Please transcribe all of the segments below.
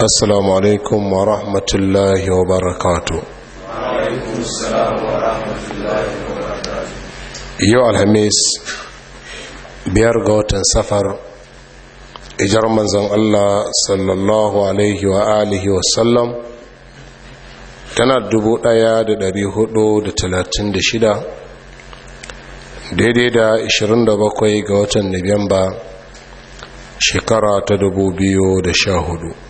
assalamu alaikum wa rahmatullahi wa barakatu yau alhamis biyar ga watan safar ijar manzan allah sallallahu alaihi wa alihi tana dubu ɗaya da dari hudu da talatin da shida daidai da ashirin da bakwai ga watan nuwamba shekara ta dubu biyu da sha hudu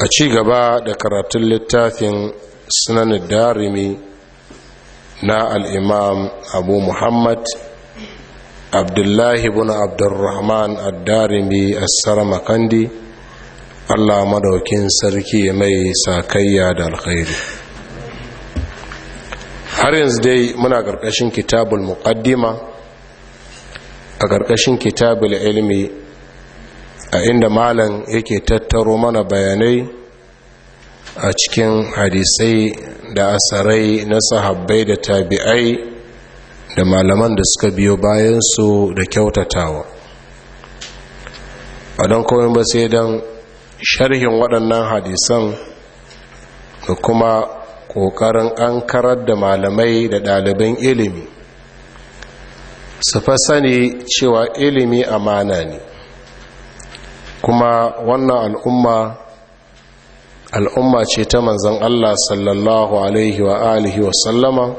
a ci gaba da karatun littafin sunan darimi na al'imam abu muhammad abdullahi bin abdurrahman ad-darimi as-sarmakandi allah madaukin sarki mai sakayya da alkhairi har yanzu dai muna ƙarƙashin kitabul muqaddima a ƙarƙashin kitabul ilmi a inda malam yake tattaro mana bayanai a cikin hadisai da asarai na sahabbai da tabi'ai da malaman da suka biyo bayansu da kyautatawa a don kawai ba sai don sharhin waɗannan hadisan da kuma ƙoƙarin an karar da malamai da ɗaliban ilimi su fa sani cewa ilimi amana ne kuma wannan al'umma al'umma ce ta manzan Allah sallallahu alaihi wa alihi wa sallama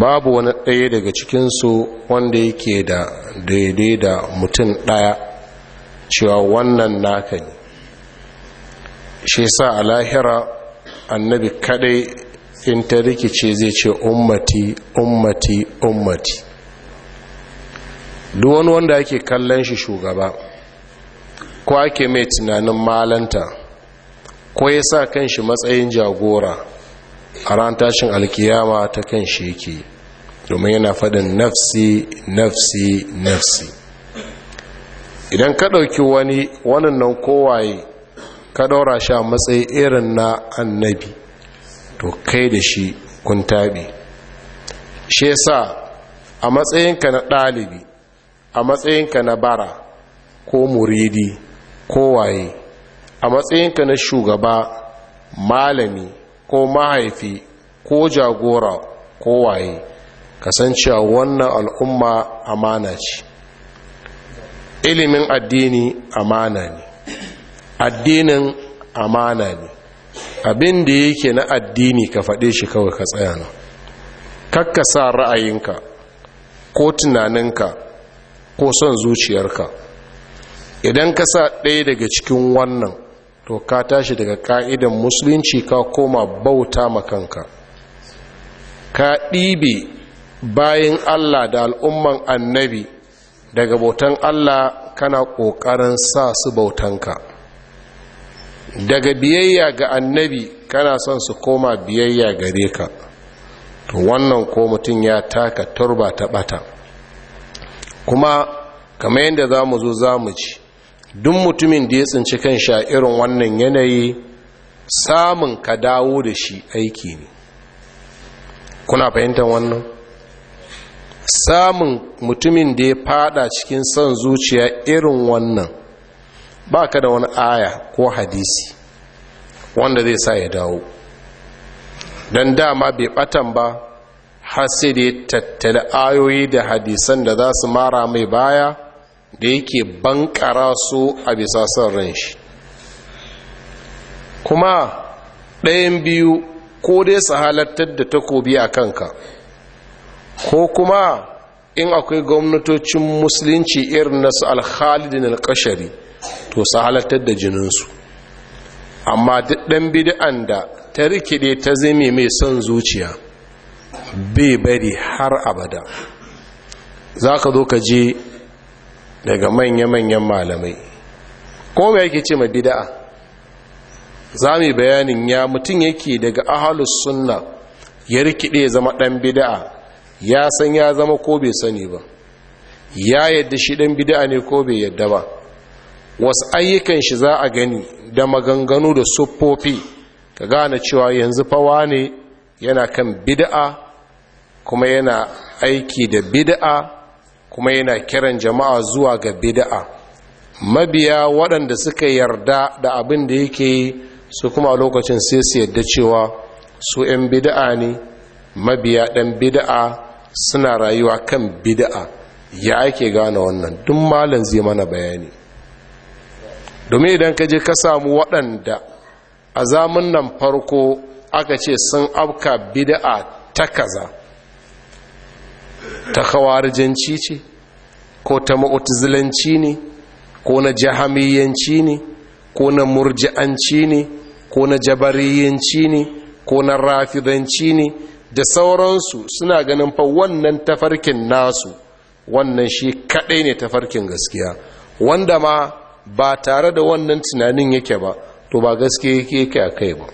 babu wani ɗaya daga cikinsu wanda yake da daidai da mutum ɗaya cewa wannan naka ne shi sa a lahira annabi kadai in ta rikice zai ce ummati ummati ummati duk wani wanda ake kallon shi shugaba ko ake mai tunanin malanta ko ya sa kanshi matsayin jagora a ran tashin alkiyama ta kan shi yake domin yana faɗin nafsi nafsi nafsi idan ka ɗauki wani wannan kowaye ka ɗaura shi a matsayi irin na annabi to kai da shi kun taɓe shi sa a matsayinka na ɗalibi a matsayinka na bara ko muridi kowaye a matsayinka na shugaba malami ko mahaifi ko jagora kowaye kasancewa wannan al'umma amana ce ilimin addini amana ne addinin amana ne abin da yake na addini ka faɗe shi kawai ka tsaya na sa ra'ayinka ko tunaninka ko son zuciyarka idan ka sa ɗaya daga cikin wannan to ka tashi daga ka'idan musulunci ka koma bauta makanka ka ɗibe bayan allah da al'umman annabi daga bautan allah kana ƙoƙarin sa su bautanka daga biyayya ga annabi kana son su koma biyayya gare ka to wannan ko mutum ya taka turba ta ɓata kuma kamar yadda za mu zo za mu ci duk mutumin da ya tsinci kan sha irin wannan yanayi samun ka dawo da shi aiki ne kuna fahimtar wannan samun mutumin da ya fada cikin son zuciya irin wannan ba ka da wani aya ko hadisi wanda zai sa ya dawo don dama bai batan ba har sai da ya tattali ayoyi da hadisan da za su mara mai baya da yake bankara su a bisa son ran shi kuma ɗayan biyu ko dai su halattar da takobi a kanka ko kuma in akwai gwamnatocin musulunci irin nasu alhalidin alkashari to su halattar da jininsu amma duk ɗan bid'an da ta rikide ta zame mai son zuciya bai bari har abada za ka zo ka je daga manya-manyan malamai ko me yake ce ma bida'a za mu bayanin ya mutum yake daga ahalus sunna ya rikide zama dan bida'a ya san ya zama ko bai sani ba ya yadda shi dan bida'a ne ko bai yadda ba wasu ayyukan shi za a gani da maganganu da siffofi ka gane cewa yanzu fawa ne yana kan bid'a kuma yana aiki da bid'a kuma yana kiran jama'a zuwa ga bid'a mabiya waɗanda suka yarda da abin da yake yi su kuma lokacin sai su yarda cewa su 'yan bida'a ne mabiya ɗan bid'a suna rayuwa kan bid'a ya ake gane wannan duk malam zai mana bayani domin idan ka je ka samu waɗanda a zamun nan farko aka ce sun afka bida'a ta kaza ta kawarjanci ce ko ta mu'tazilanci ne ko na jahamiyanci ne ko na murji'anci ne ko na jabariyanci ne ko na rafidanci ne da sauransu suna ganin fa wannan tafarkin nasu wannan shi kadai ne tafarkin gaskiya wanda ma ba tare da wannan tunanin yake ba to ba gaske yake yake a kai ba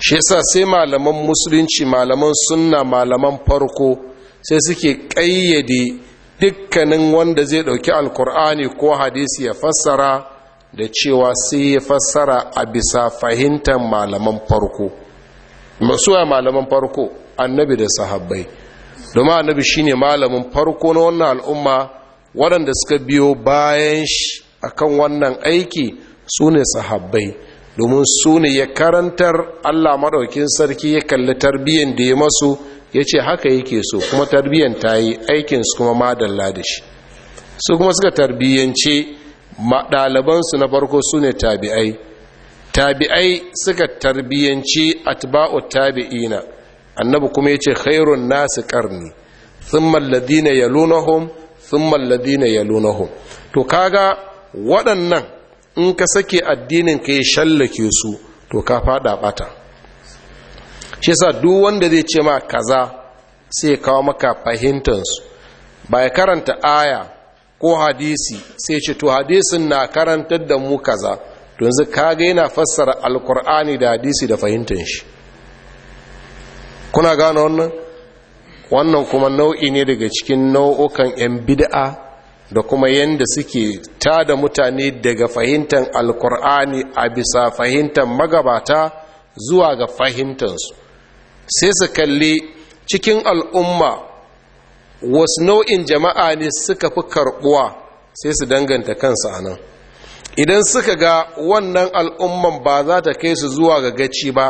shi yasa sai malaman musulunci malaman sunna malaman farko sai suke ƙayyade dukkanin wanda zai ɗauki alkur'ani ko hadisi ya fassara da cewa sai ya fassara a bisa fahimtar malaman farko Masu ya malaman farko annabi da sahabbai domin annabi shine malamin farko na wannan al'umma waɗanda suka biyo bayan shi akan wannan aiki su ne sahabbai domin su ne ya karantar allah maɗaukin sarki ya kalli tarbiyyar da ya masu ya ce haka yake so kuma tarbiyyan ta yi aikinsu kuma madalla da shi su kuma suka tarbiyyance ɗalibansu na farko su ne tabi'ai tabi'ai suka tarbiyyance atba'u tabi'ina annabi kuma ya ce khairun nasu karni sun alladhina yalunahum thumma na yalunahum to kaga waɗannan in ka sake addinin ka ya shallake su to ka faɗa ɓata. shi sa duk wanda zai ce ma kaza sai kawo maka fahimtansu ba ya karanta aya ko hadisi sai ce to hadisin na karantar da mu kaza don zai kaga yana fassara alkur'ani da hadisi da fahimtar shi kuna gane wannan wannan kuma nau'i ne daga cikin nau'ukan 'yan bida'a da kuma yadda suke ta da mutane daga fahimtar alkur'ani a bisa fahimtar magabata zuwa ga fahimtansu. sai su kalli cikin al'umma wasu nau'in jama'a ne suka fi karbuwa sai su danganta kansu a nan idan suka ga wannan al'umman ba za ta kai su zuwa ga gaci ba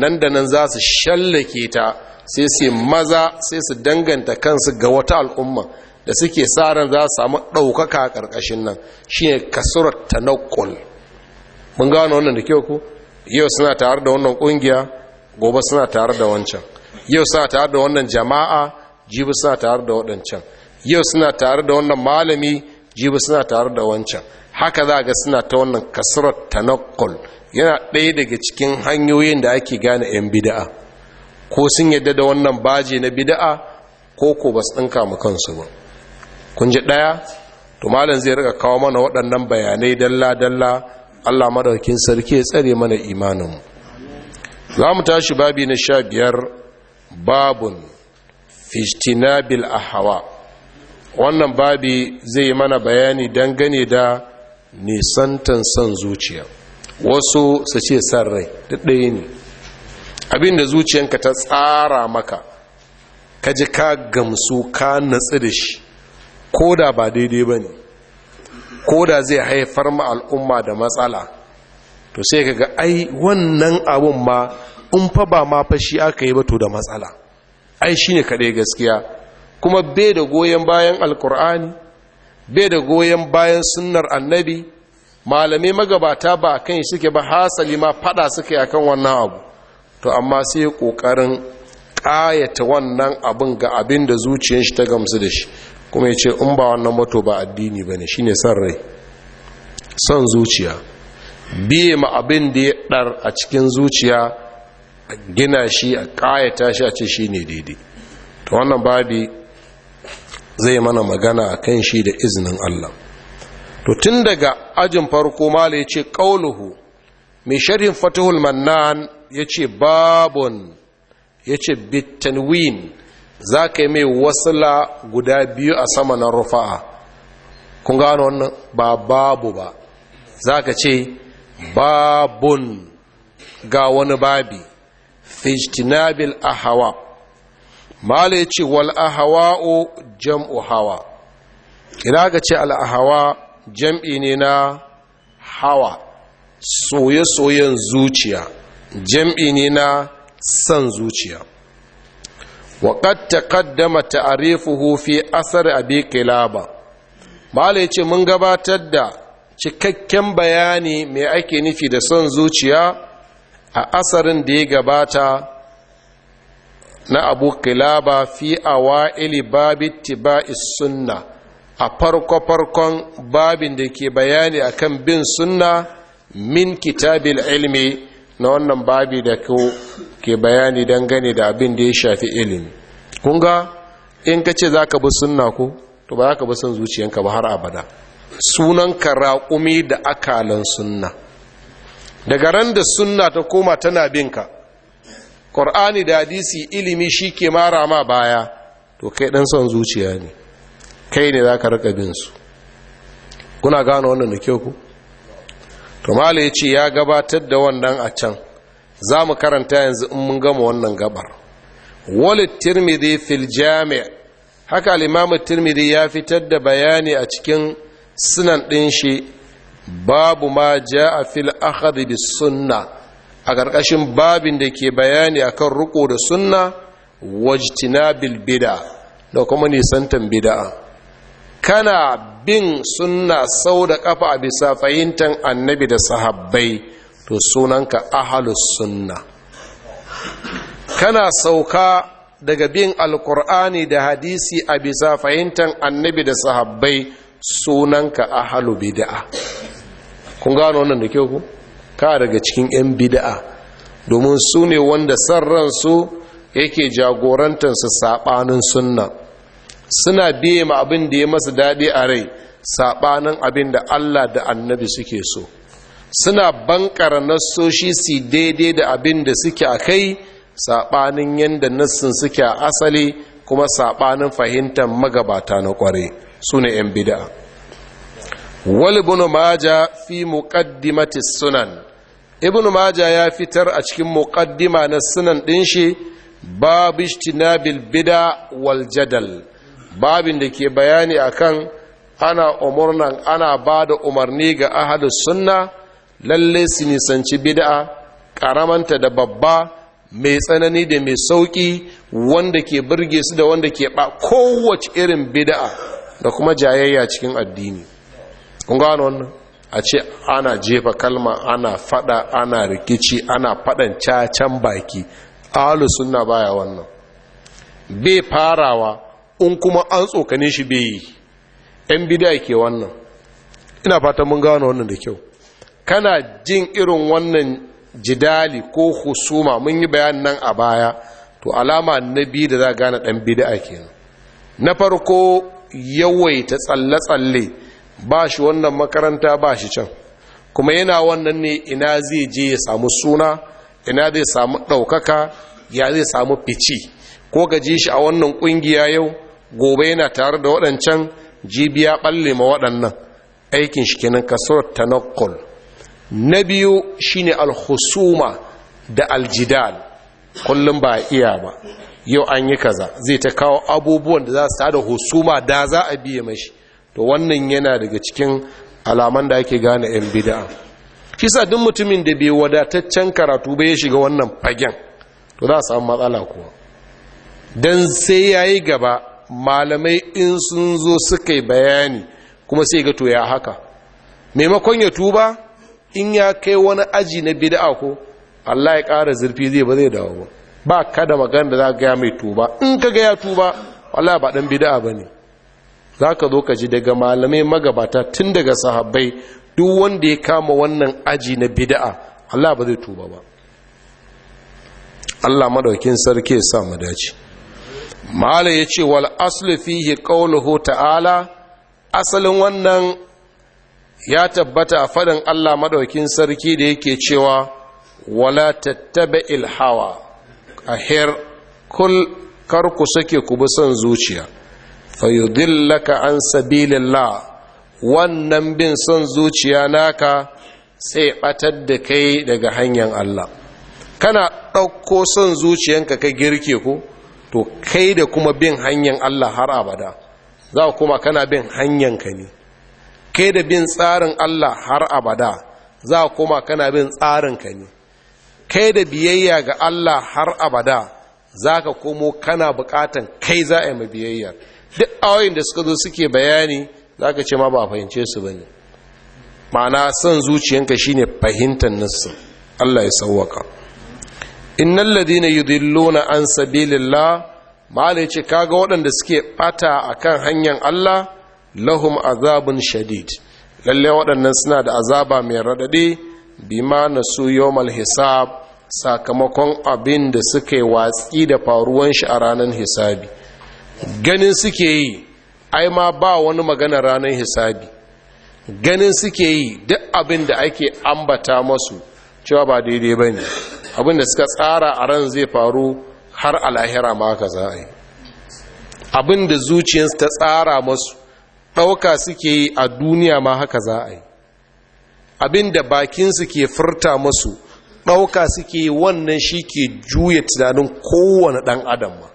nan da nan za su shallake ta sai su maza sai su danganta kansu ga wata al'umma da suke tsarin za su samu ɗaukaka a ƙarƙashin nan shi ne kasurar tanakul mun gano wannan da kyau ku yau suna tare da wannan ƙungiya gobe suna tare da wancan yau suna tare da wannan jama'a jibi suna tare da waɗancan yau suna tare da wannan malami jibi suna tare da wancan haka za ga suna ta wannan kasurar tanakkul yana ɗaya daga cikin hanyoyin da ake gane 'yan bida'a ko sun yadda da wannan baje na bida'a ko ko ba su ɗinka mu kansu ba kun ji ɗaya to malam zai rika kawo mana waɗannan bayanai dalla-dalla allah madaukin sarki ya tsare mana imaninmu za mu tashi babi na sha biyar babun a Hawa, wannan babi zai mana bayani dangane da nisantan son zuciya wasu su ce san rai ɗaya ne abinda zuciyanka ta tsara maka ka ji ka gamsu ka natsu da shi ko da ba daidai ba ne ko da zai haifar ma al'umma da matsala to sai ka ga ai wannan abun ma in fa ba ma fa shi aka yi ba to da matsala ai shine kaɗai gaskiya kuma bai da goyon bayan alkur'ani bai da goyon bayan sunnar annabi malamai magabata ba kan suke ba hasali ma fada suke akan wannan abu to amma sai kokarin ƙayata wannan abin ga abin da zuciyar shi ta gamsu da shi kuma ya ce in ba wannan mato ba addini ba ne shine son rai son zuciya biye ma abin da ya ɗar a cikin zuciya a gina shi a ƙayata shi a ce shi ne daidai ta wannan babi zai mana magana a kan shi da izinin Allah to tun daga ajin farko mala ya ce ƙauluhu mai sharhin fatihul mannan ya ce babon ya ce bitanwin za ka yi mai wasila guda biyu a sama na rufa'a kun gano wannan ba babu ba za ka ce babun ga wani babi fijtinabil ahawa mala ya ce wal ahawa'u jam'u hawa ina ga ce al'ahawa jam'i ne na hawa soye-soyen zuciya jam'i ne na san zuciya waƙad taƙaddama ta'arifuhu fi asar abi kilaba mala ya ce mun gabatar da cikakken bayani mai ake nufi da son zuciya a asarin da ya gabata na abu kilaba fi awa'ili babi tiba'is sunna a farko-farkon babin da ke bayani akan bin sunna min kitabil ilmi na wannan babi da ke bayani dangane da abin da ya shafi ilimi kunga in ka ce za ka bi sunna ku to ba za ka bi son zuciyanka ba har abada sunanka raƙumi da akalan sunna daga ran da sunna ta koma tana binka ƙor'ani da hadisi ilimi shi ke mara ma baya to kai ɗan son zuciya ne kai ne za ka raka binsu kuna gano wannan da kyau ku? to mala ya ce ya gabatar da wannan a can za mu karanta yanzu in mun gama wannan gabar walid tirmidhi fil jami' haka al-imam tirmidhi ya fitar da bayani a cikin sunan ɗin shi babu ma ja a fil akhadhi sunna a ƙarƙashin babin da ke bayani akan riko da sunna wajtinabil bid'a da kuma nisantan bida'a kana bin sunna sau da kafa a bisa fahimtar annabi da sahabbai to sunanka ahalus sunna kana sauka daga bin alkur'ani da hadisi a bisa fahimtar annabi da sahabbai sunanka halu bida'a kun gano wannan da kyau ku ka daga cikin yan bida'a domin su ne wanda san ransu yake jagorantar su sunna suna biye ma abin da ya masu daɗi a rai sabanin abin da Allah da Annabi suke so suna bankara nassoshi su daidai da abin da suke a kai saɓanin yadda nassin suke a asali kuma saɓanin fahimtar magabata na ƙware sune 'yan bida wal ibn maja fi muqaddimati sunan ibn maja ya fitar a cikin muqaddima na sunan ɗin shi babu bida wal jadal babin da ke bayani akan ana umurnan ana ba da umarni ga ahadus sunna lalle su nisanci bid'a karamanta da babba mai tsanani da mai sauƙi wanda ke burge su da wanda ke ba kowace irin bid'a da kuma jayayya cikin addini kun wannan a ce ana jefa kalma ana fada ana rikici ana fadan cacan baki Alu suna baya wannan bai farawa in kuma an tsokane shi bai yi yan bidai ke wannan ina fata mun gano wannan da kyau kana jin irin wannan jidali ko husuma mun yi bayan nan a baya to alama na biyu da za gane ɗan bidai kenan na farko yawaita tsalle-tsalle ba shi wannan makaranta ba shi can kuma yana wannan ne ina zai je ya samu suna ina zai samu ɗaukaka ya zai samu fici ko gaji shi a wannan ƙungiya yau gobe yana tare da waɗancan jibiya ɓalle ma waɗannan aikin shi kenan kasar tanakul na biyu shine alhusuma da aljidal kullum ba iya ba yau an yi kaza zai ta kawo abubuwan da za su tada husuma da za a biya mashi to wannan yana daga cikin alaman da ake gane yan bida'a. shi sa duk mutumin da bai wadataccen karatu ba ya shiga wannan fagen to za a samu matsala kuwa dan sai ya yi gaba malamai in sun zo suka yi bayani kuma sai ga to ya haka maimakon ya tuba in ya kai wani aji na bida'a ko Allah ya ƙara zurfi zai ba zai dawo ba ba ka da magana da za ka gaya mai tuba in ka gaya tuba wallahi ba dan bid'a bane za ka zo ka ji daga malamai magabata tun daga sahabbai duk wanda ya kama wannan aji na bid'a Allah ba zai tuba ba Allah madaukin sarki ya sa mu dace mala yace wal aslu fihi qawluhu ta'ala asalin wannan ya tabbata a faɗin Allah madaukin sarki da yake cewa wala tattaba ilhawa. a her kul kar ku sake ku bi son zuciya fayudillaka an sabilillah wannan bin son zuciya naka sai batar da kai daga hanyar Allah kana ɗauko son zuciyanka ka girke ku, to kai da kuma bin hanyar Allah har abada za kuma kana bin hanyanka ne kai da bin tsarin Allah har abada za kuma kana bin tsarinka ne kai da biyayya ga Allah har abada za ka komo kana bukatan kai za a yi ma biyayya duk awayin da suka zo suke bayani za ka ce ma ba fahimce su ba ne ma'ana son zuciyanka shine fahimtar nassu Allah ya sauwaka innal ladina na an sabilillah mala ce kaga waɗanda suke ɓata a kan hanyar Allah lahum azabun shadid lallai waɗannan suna da azaba mai ma na nasu yawmal hisab sakamakon abin da suka watsi da faruwan shi a ranar hisabi ganin suke yi ai ma ba wani magana ranar hisabi ganin suke yi duk abin da ake ambata masu cewa ba daidai ba ne abin da suka tsara a ran zai faru har alahira ma ka za a yi abin da zuciyarsu ta tsara masu ɗauka suke yi a duniya ma haka za a yi abin da bakinsu ke furta masu ɗauka suke wannan shi ke juya tunanin kowane ɗan adam ma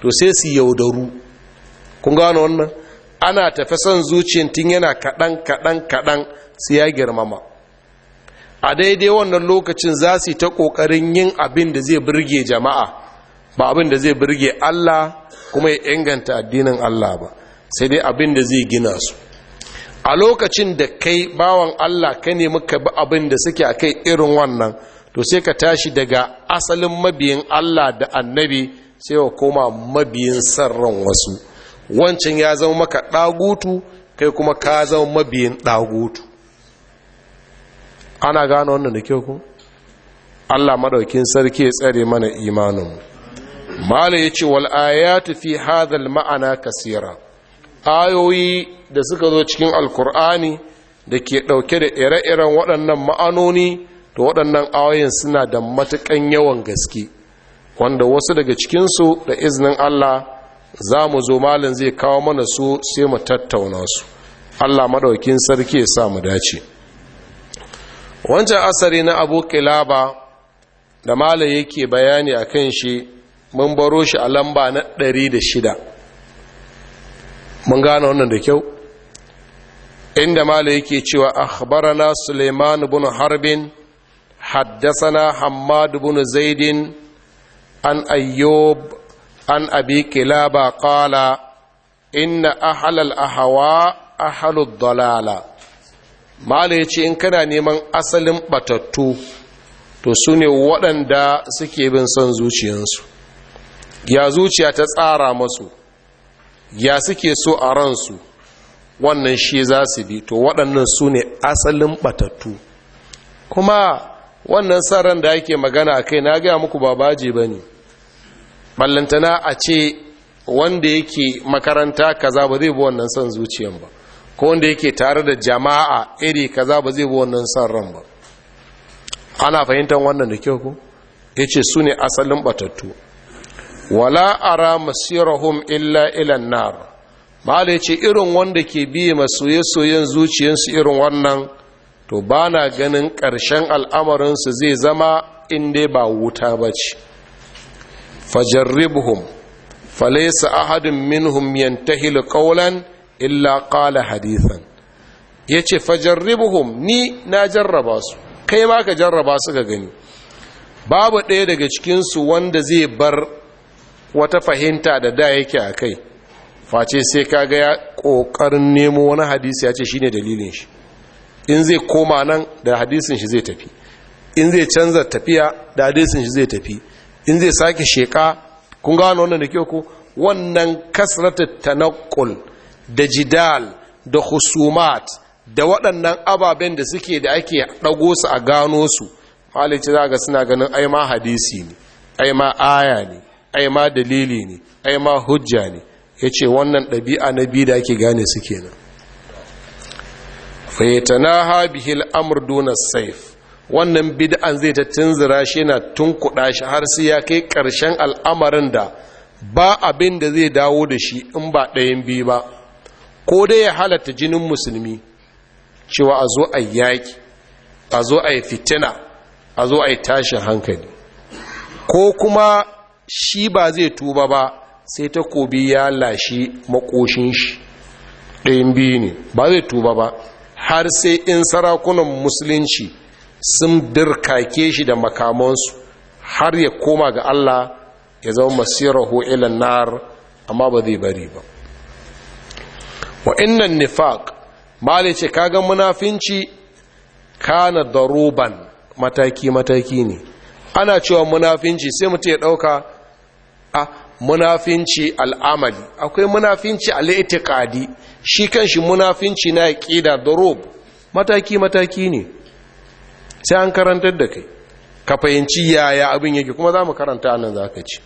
to sai su yaudaru kun gano wannan ana tafi son zuciyar tun yana kaɗan kaɗan kaɗan su ya girmama a daidai wannan lokacin za su yi ta ƙoƙarin yin abin da zai birge jama'a ba abin da zai birge Allah kuma ya inganta addinin Allah ba sai dai abin da zai gina su a lokacin da kai bawan Allah ka nemi ka bi abin da suke a kai irin wannan to sai ka tashi daga asalin mabiyin Allah da annabi sai ka koma mabiyin sarran wasu wancan ya zama maka ɗagutu kai kuma ka zama mabiyin ɗagutu ana gano wannan da kyau ku Allah maɗaukin sarki ya tsare mana imanin mala ya ce wal ayatu fi hadhal ma'ana kasira ayoyi da suka zo cikin alkur'ani da ke ɗauke da ire-iren waɗannan ma'anoni to waɗannan ayoyin suna da matuƙan yawan gaske wanda wasu daga cikinsu da iznin Allah za mu zo malin zai kawo mana su sai mu tattauna su Allah maɗaukin sarki ya sa mu dace wancan asari na abu kilaba da malam yake bayani a kan shi mun baro shi a lamba na ɗari da shida. mun gane wannan da kyau inda malam yake cewa akhbarana suleiman bin harbin حدثنا حماد بن زيد عن أيوب عن أبي كلابة قال إن أهل الأهواء أهل الضلالة mala ya ce in kana neman asalin batattu to su ne waɗanda suke bin son zuciyansu ya zuciya ta tsara masu ya suke so a ransu wannan shi za su bi to waɗannan su ne asalin batattu kuma wannan san da ake magana a kai na gaya muku ba baji ba ne ballantana a ce wanda yake makaranta kaza ba zai bi wannan san zuciyan ba ko wanda yake tare da jama'a iri kaza ba zai bi wannan san ran ba ana fahimtar wannan da kyau ko ya ce su ne asalin batattu wala ara masirahum illa ilan nar ba da ce irin wanda ke biye masoye-soyen zuciyarsu irin wannan to ba na ganin ƙarshen al'amarinsu zai zama inda ba wuta ba ce fajarribhum falaisa ahadin minhum yantahilu qawlan illa qala hadithan yace fajarribhum ni na jarraba su kai ma ka jarraba su ga gani babu ɗaya daga cikinsu wanda zai bar wata fahimta da da yake a kai face sai kaga ya ƙoƙarin nemo wani hadisi ya ce shine dalilin shi in zai koma nan da hadisin shi zai tafi in zai canza tafiya da hadisin shi zai tafi in zai sake sheka kun gano wannan da kyau ku. wannan kasrata tanakul da jidal da husumat da waɗannan ababen da suke da ake ɗago su a gano su halice za ga suna ganin ai ma hadisi ne ai ma aya ne ai ma dalili ne ai ma hujja ne ya ce wannan ɗabi'a na biyu da ake gane su kenan fayyatanaha bihil amur duna saif wannan bid'an zai ta tunzura shi na tun shi har sai ya kai ƙarshen al'amarin da ba abin da zai dawo da shi in ba ɗayan biyu ba ko dai ya halatta jinin musulmi cewa a zo a yaƙi a zo a yi fitina a zo a yi tashin hankali ko kuma shi ba zai tuba ba sai ta takobi ya lashe makoshin shi ɗayan biyu ne ba zai tuba ba har sai in sarakunan musulunci sun dirkake shi da makamansu har ya koma ga Allah ya zama masirahu ilan nar amma ba zai bari ba wa innan nifaq mali ce kaga munafinci kana daruban mataki mataki ne ana cewa munafinci sai mutum ya dauka a ah, munafinci al'amali akwai munafinci al'itikadi shi kanshi munafinci na ƙida durub mataki-mataki ne sai an karantar da kai ka fahimci yaya abin yake kuma za mu karanta nan za ka ci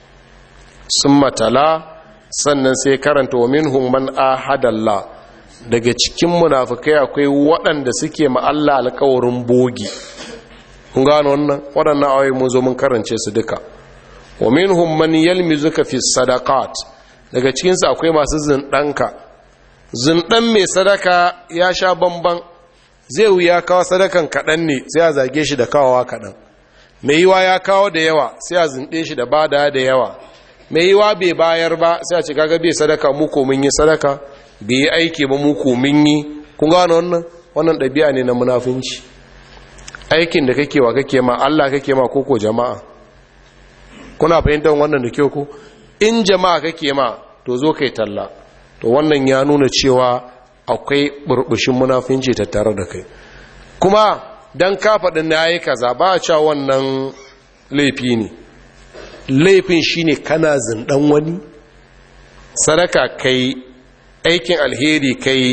sun matala sannan sai karanta wa min man hadalla daga cikin munafikai akwai waɗanda suke ma'alla alkawarin bogi kun gano wannan waɗannan awai mun zo mun karance su duka wa minhum man yalmizuka fi sadaqat daga cikin su akwai masu zindanka Zinɗan mai sadaka ya sha bamban zai wuya kawo sadakan kaɗan ne sai a zage shi da kawowa kaɗan mai yiwa ya kawo da yawa sai a zinde shi da bada da yawa mai yiwa bai bayar ba sai a ce kaga bai sadaka mu ko mun yi sadaka bai yi aiki ba mu ko mun yi kun ga wannan wannan ɗabi'a ne na munafunci aikin da kake kake ma Allah kake ma koko jama'a kuna fahimtar wannan da kyau ku in jama'a kake ma to zo kai talla to wannan ya nuna cewa akwai burbushin munafinci tattare da kai kuma dan ka faɗi na yi kaza ba a cewa wannan laifi ne laifin shine kana zindan wani sadaka kai aikin alheri kai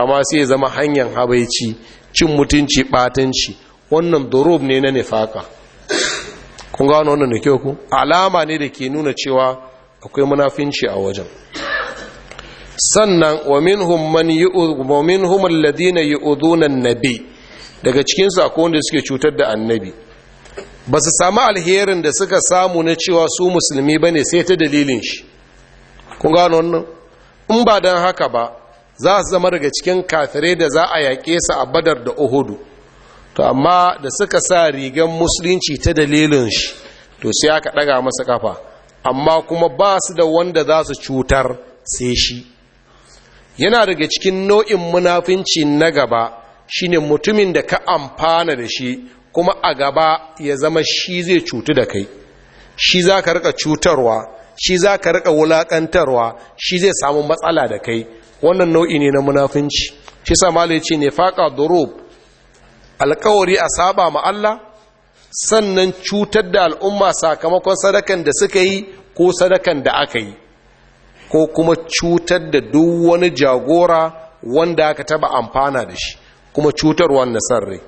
amma sai ya zama hanyar habaici cin mutunci batanci wannan durub ne na nifaka kun ga wannan da kyau ku alama ne da ke nuna cewa akwai munafinci a wajen sannan wa minhum man yu'udhu minhum alladhina yu'udhuna an-nabi daga cikin su akwai wanda suke cutar da annabi ba su samu alherin da suka samu na cewa su musulmi bane sai ta dalilin shi kun ga wannan in ba dan haka ba za su zama daga cikin kafirai da za a yaƙe su a badar da uhudu to amma da suka sa rigan musulunci ta dalilin shi to sai aka ɗaga masa kafa amma kuma ba su da wanda za su cutar sai shi yana daga cikin nau'in munafinci na gaba shine mutumin da ka amfana da shi kuma a gaba ya zama shi zai cutu da kai shi za ka rika cutarwa shi za ka rika wulaƙantarwa, shi zai samu matsala da kai wannan nau'i ne na munafinci shi sa ce ne faƙa durub alkawari a saba ma Allah sannan cutar da al'umma sakamakon sadakan da suka yi ko sadakan da aka yi ko kuma cutar da duk wani jagora wanda aka taba amfana da shi kuma cutar na san rai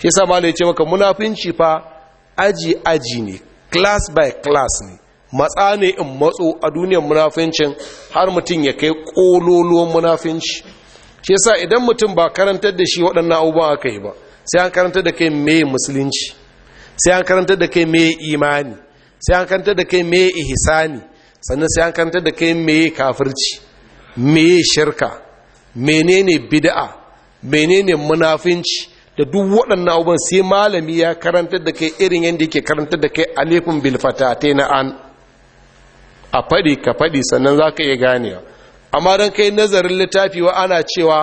shi sa ma ce maka munafinci fa aji aji ne class by class ne matsa ne in matso a duniyar munafincin har mutum ya kai kololuwan munafinci shi sa idan mutum ba karantar da shi waɗannan abubuwan aka yi ba sai an karanta da kai mai musulunci sai an karanta da kai mai imani sai an karanta da kai mai ihsani sannan sai an karanta da kai mai kafirci mai shirka menene bid'a menene munafinci da duk waɗannan abubuwan sai malami ya karanta da kai irin yadda yake karanta da kai alifin bilfatate na an a faɗi ka faɗi sannan za ka iya ganewa amma don kai nazarin littafi wa ana cewa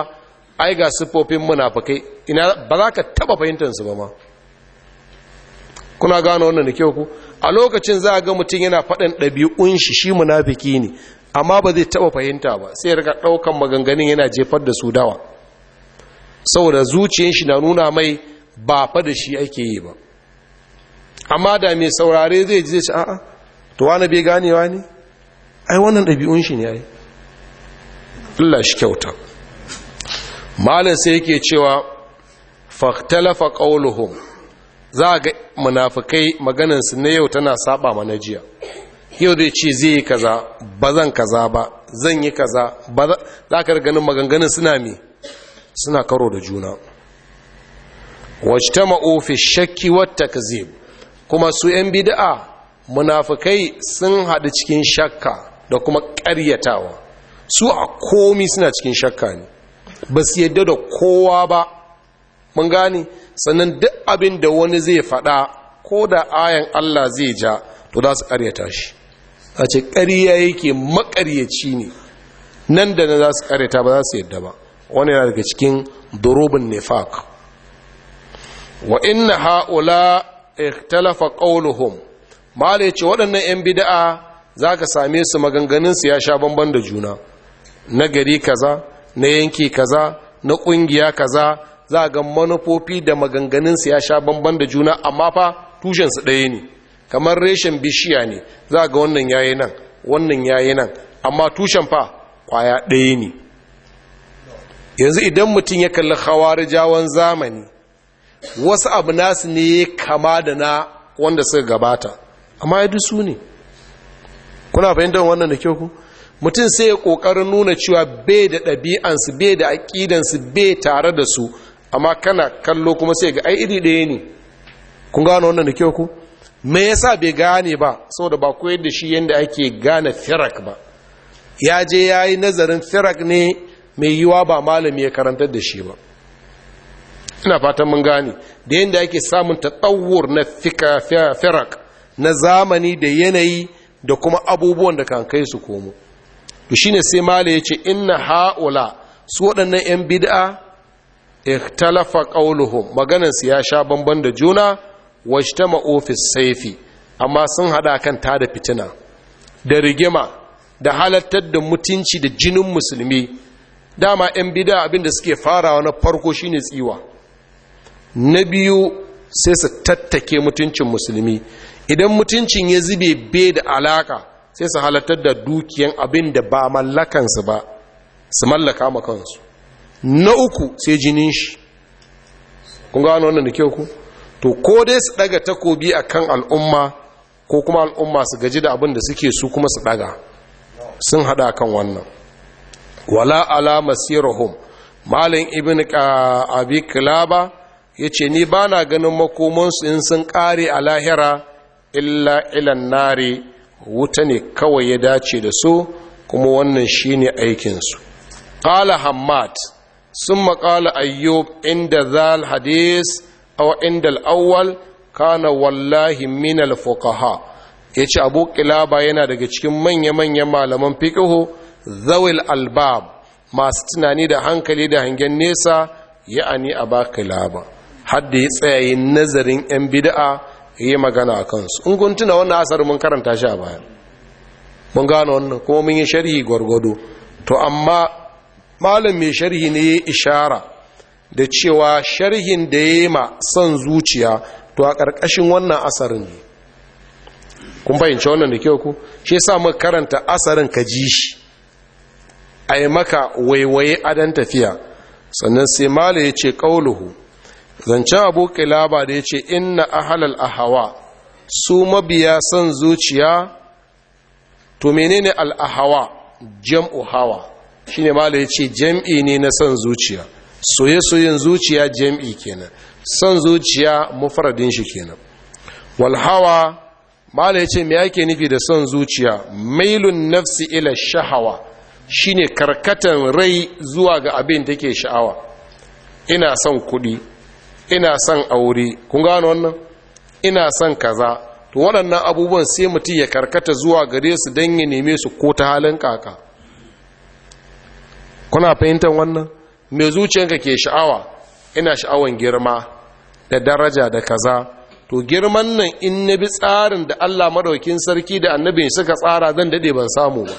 ai ga siffofin munafukai ina ba za ka taba fahimtansu ba ma kuna gano wannan da kyau ku a lokacin za a ga mutum yana faɗin ɗabi'un shi shi munafiki ne amma ba zai taɓa fahimta ba sai rika ɗaukan maganganun yana jefar da su dawa saboda zuciyar shi na nuna mai ba fa da shi ake yi ba amma da mai saurare zai ji zai ci a'a to wani bai ganewa ne ai wannan ɗabi'un shi ne ai Allah shi kyauta malam sai yake cewa fahtalafa ƙauluhun za a ga munafikai maganinsu na yau tana saba mana jiya yau zai ce zai yi kaza ba zan kaza ba zan yi kaza ba za ka ganin maganganun suna mi suna karo da juna wajtama'u ofis shakki ka zai? kuma su yan bida'a munafikai sun haɗu cikin shakka da kuma ƙaryatawa su a komi suna cikin shakka ne ba su yadda da kowa ba mun gane sannan duk abin da wani zai faɗa ko da ayan Allah zai ja to za su ƙaryata shi a ce ƙarya yake maƙaryaci ne nan da za su ƙaryata ba za su yadda ba wani yana daga cikin durubin nefak wa inna ha'ula ikhtalafa qawluhum ya yace waɗannan 'yan bid'a zaka same su maganganun ya sha bamban da juna na gari kaza na yanki kaza na ƙungiya kaza za ga manufofi da maganganunsu ya sha bamban da juna amma fa tushensu ɗaya ne kamar reshen bishiya ne za ga wannan yayi nan wannan yayi nan amma tushen fa kwaya ɗaya ne yanzu idan mutum ya kalli jawon zamani wasu abu nasu ne kama da na wanda suka gabata amma ya su ne kuna fahimtar wannan da kyau ku mutum sai ya kokarin nuna cewa bai da ɗabi'ansu bai da aƙidansu bai tare da su amma kana kallo kuma sai ga ai iri ɗaya ne kun gano wannan da kyau ku me yasa bai gane ba saboda ba koyar da shi yadda ake gane firak ba ya je ya yi nazarin firak ne mai yiwa ba malami ya karantar da shi ba ina fatan mun gane da yadda ake samun tatsawur na firak na zamani da yanayi da kuma abubuwan da kan kai su komo to shine sai mala ya ce inna ha'ula su waɗannan 'yan bid'a ikhtalafa ƙauluhu, maganar su ya sha bamban da juna wajtama'u fi saifi amma sun hada kan ta da fitina da rigima da halattar da mutunci da jinin musulmi dama yan bida abin da suke farawa na farko shine tsiwa na biyu sai su tattake mutuncin musulmi idan mutuncin ya zube bai da alaka sai su halattar da dukiyan abin da ba mallakansu ba su mallaka ma kansu na uku sai jinin shi kun gano wannan da kyau ku to ko dai su daga takobi a kan al'umma ko kuma al'umma su gaji da abin da suke su kuma su daga sun hada kan wannan wala ala masirahum malin ibn abi kilaba ya ce ni ba na ganin makomansu in sun kare a lahira illa ilan nare wuta ne kawai ya dace da su kuma wannan shine aikinsu ƙala hamad sun maƙala ayyub inda zal hadis aw inda al'awwal kana wallahi minal al Ya ce abu kilaba yana daga cikin manya-manyan malaman fiqhu zawil albab masu tunani da hankali da hangen nesa ya'ani aba kilaba hadda ya tsayaye nazarin yan bid'a yi magana a kansu in kun tuna wannan asar mun karanta shi a baya mun gano wannan kuma mun yi sharhi gwargwado to amma malam mai sharhi ne ya ishara da cewa sharhin da ya yi ma son zuciya to a ƙarƙashin wannan asarin ne kun fahimci wannan da kyau ku shi sa mu karanta asarin ka ji shi a yi maka waiwaye adan tafiya sannan sai malam ya ce ƙauluhu zancen abu kilaba da ya ce inna ahalal ahawa su mabiya son zuciya to menene al'ahawa jam'u hawa Shin mala ya ce jam'i ne na son zuciya soye-soyen zuciya jam'i kenan son zuciya mafaradin shi kenan walhawa mala ya ce me yake nufi da son zuciya mailun nafsi ila shahawa shine karkatan rai zuwa ga abin da ke sha'awa ina son kuɗi ina son aure kun gano wannan ina son kaza to waɗannan abubuwan sai mutum ya karkata zuwa gare su don ya neme su ko ta halin kaka kuna fahimtar wannan mai zuciyanka ke sha'awa ina sha'awan girma da daraja da kaza to girman nan in na bi tsarin da Allah madaukin sarki da annabi suka tsara zan dade ban samu ba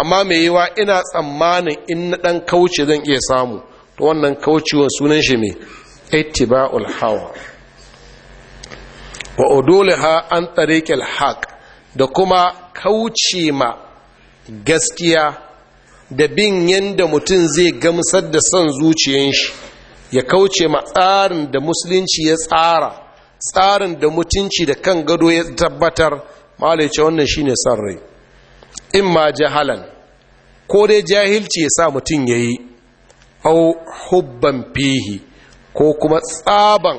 amma mai yiwa ina tsammanin in na dan kauce zan iya samu to wannan kaucewa sunan shi mai ittiba'ul hawa wa ha an haq da kuma kauce ma gaskiya da bin yadda mutum zai gamsar da son zuciyar shi ya kauce ma tsarin da musulunci ya tsara tsarin da mutunci da kan gado ya tabbatar malaice wannan shine son rai in ma jahalan ko dai jahilci ya sa mutum ya yi au hubban fihi ko kuma tsaban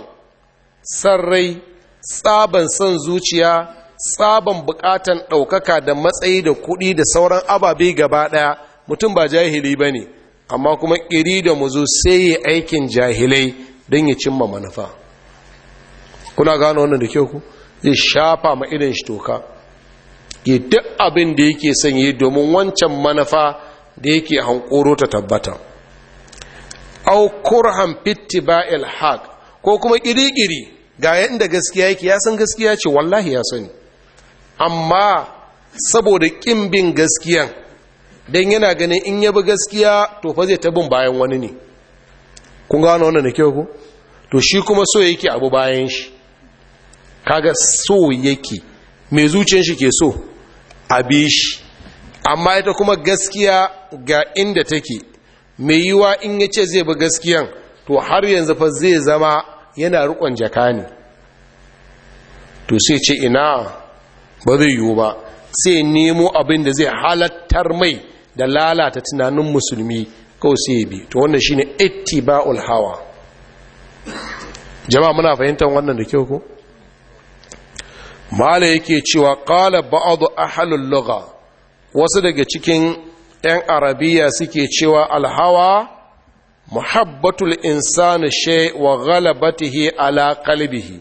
son rai tsaban son zuciya tsaban bukatan ɗaukaka da matsayi da kuɗi da sauran ababe gaba ɗaya mutum ba jahili ba ne amma kuma ƙiri da mu zo sai ya aikin jahilai don ya cimma manufa kuna gano wannan da kyau ku zai shafa ma irin shi toka yi duk abin da yake sanye domin wancan manufa da yake hankoro ta tabbata au kurhan fiti ba'il haq ko kuma ƙiri-ƙiri ga yadda gaskiya yake ya san gaskiya ce wallahi ya sani amma saboda ƙimbin gaskiyan don yana ganin in ya bi gaskiya to fa zai tabin bayan wani ne kun gano wannan da kyau ku to shi kuma so yake abu bayan shi kaga so yake mai zuciyar shi ke so a bi shi amma ita kuma gaskiya ga inda take mai yiwa in ya ce zai bi gaskiyan to har yanzu fa zai zama yana rikon jaka ne to sai ce ina ba zai yiwu ba sai nemo abin da zai halattar mai da lalata tunanin musulmi kawai sai bi to wannan shine ittiba'ul hawa jama'a muna fahimtar wannan da kyau ko mala yake cewa qala ba'd ahlul lugha wasu daga cikin yan arabiya suke cewa alhawa muhabbatul insani shay wa ghalabatihi ala qalbihi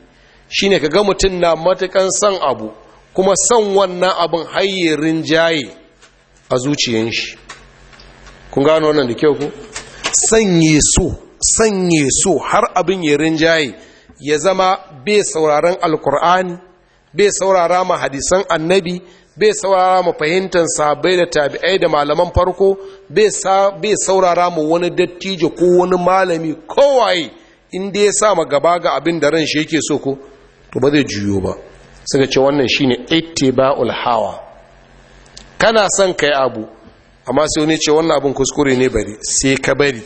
shine kaga mutun na matukan san abu kuma san wannan abun hayyirin jayi. a zuciyar shi kun gano wannan da kyau ku sanye so sanye so har abin ya rinjaye ya zama bai sauraron alkur'ani bai saurara ma hadisan annabi bai saurara ma fahimtar sabai da tabi'ai da malaman farko bai saurara ma wani dattijo ko wani malami kowaye inda ya sa ma gaba ga abin da ran shi yake so ko to ba zai juyo ba suka ce wannan shine ittiba'ul hawa kana son kai abu amma sai wani ce wannan abin kuskure ne bari sai ka bari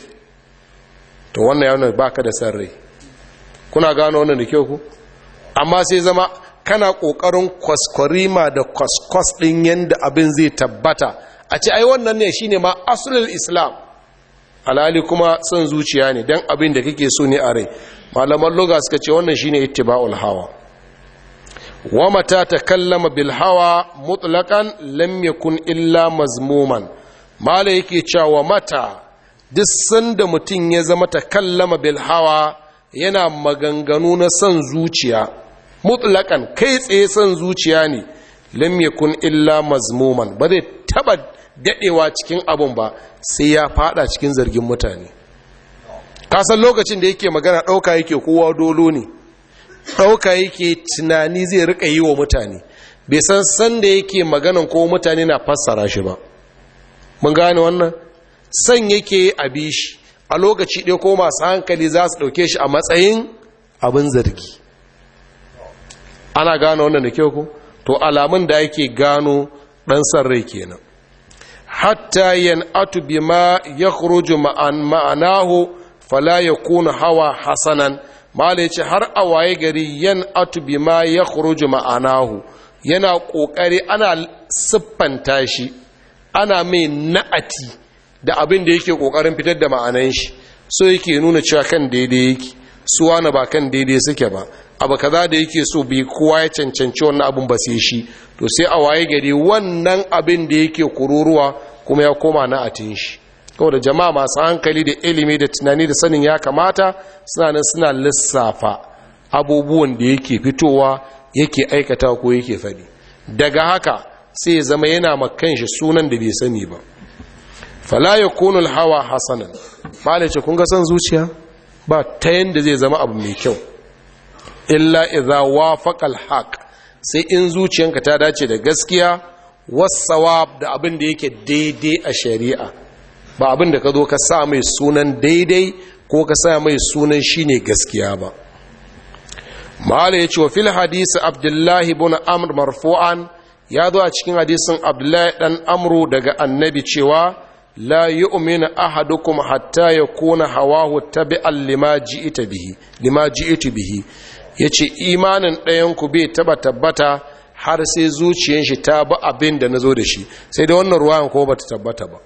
to wannan ba ka da san rai kuna gano wannan da kyau ku amma sai zama kana kokarin kwaskwarima da kwaskwas ɗin yadda abin zai tabbata a ce ai wannan ne shine ma asulul islam alhali kuma son zuciya ne don abin da kake so ne a rai malaman loga suka ce wannan shine ittiba'ul hawa Wamata ta takallama bil hawa mutlaqan lam yakun illa mazmuman mala yake cewa mata duk sanda mutum ya zama takallama bil hawa yana maganganu na son zuciya mutlaƙan kai tsaye son zuciya ne lam yakun illa mazmuman ba zai taba dadewa cikin abun ba sai ya fada cikin zargin mutane kasan lokacin da yake magana ɗauka yake kowa dolo ne ɗauka yake tunani zai rika yi wa mutane bai san sanda yake maganan ko mutane na fassara shi ba mun gane wannan san yake a shi a lokaci ɗaya ko masu hankali za su ɗauke shi a matsayin abin zargi ana gano wannan da kyau ko to alamun da ake gano ɗan san rai kenan hatta yan atu ma ya ma'anahu fala ya kuna hawa hasanan malai ce har a waye gari yan atubi ma ya kuruji ma'anahu yana ƙoƙari ana siffanta shi ana mai na'ati da abin da yake ƙoƙarin fitar da ma'anan shi so yake nuna cewa kan daidai yake suwa na ba kan daidai suke ba abu kaza da yake so bi kowa ya cancanci wannan abin ba sai shi to sai a waye gari wannan abin da yake kururuwa kuma ya koma na'atin shi da jama'a masu hankali da ilimi da tunani da sanin ya kamata suna nan suna lissafa abubuwan da yake fitowa yake aikata ko yake faɗi daga haka sai zama yana makan shi sunan da bai sani ba fala ya kunul hawa hasanan ce kun ga san zuciya ba ta yanda zai zama abu mai kyau illa idza wafaqal haq sai in zuciyanka ta dace da gaskiya wasawab da abin da yake daidai a shari'a ba abin da ka zo ka sa mai sunan daidai ko ka sa mai sunan shi ne gaskiya ba mala ya ce wa fil hadisi abdullahi bin amr marfu'an ya zo a cikin hadisin abdullahi dan amru daga annabi cewa la yi yu'minu ahadukum hatta ya hawahu tabi'an lima ji'ita bihi lima ita bihi yace imanin ɗayan ku bai taba tabbata har sai zuciyar shi ta bi abin da na zo da shi sai da wannan ruwan ko ba ta tabbata ba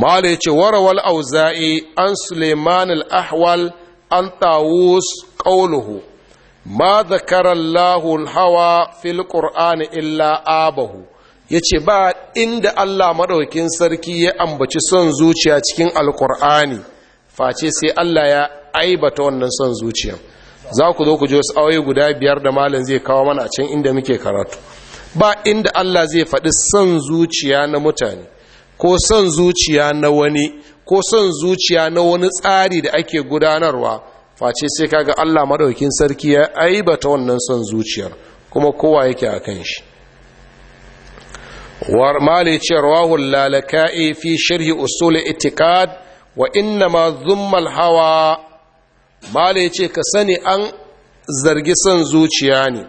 mala ya ce warawal auza'i an suleiman al'ahwal an tawus ƙaunuhu ma lahun hawa fil qur'ani illa abahu ya ce ba inda allah maɗaukin sarki ya ambaci son zuciya cikin alƙur'ani face sai allah ya aibata wannan son zuciya. za ku zo ku ji wasu aure guda biyar da malam zai kawo mana a can inda muke karatu ba inda Allah zai faɗi son zuciya na mutane ko son zuciya na wani ko son zuciya na wani tsari da ake gudanarwa face sai kaga Allah madaukin sarki ya aibata wannan son zuciyar kuma kowa yake a kan shi war mali ce rawahul lalaka'i fi sharhi usul itiqad wa inna ma al hawa mali ce ka sani an zargi son zuciya ne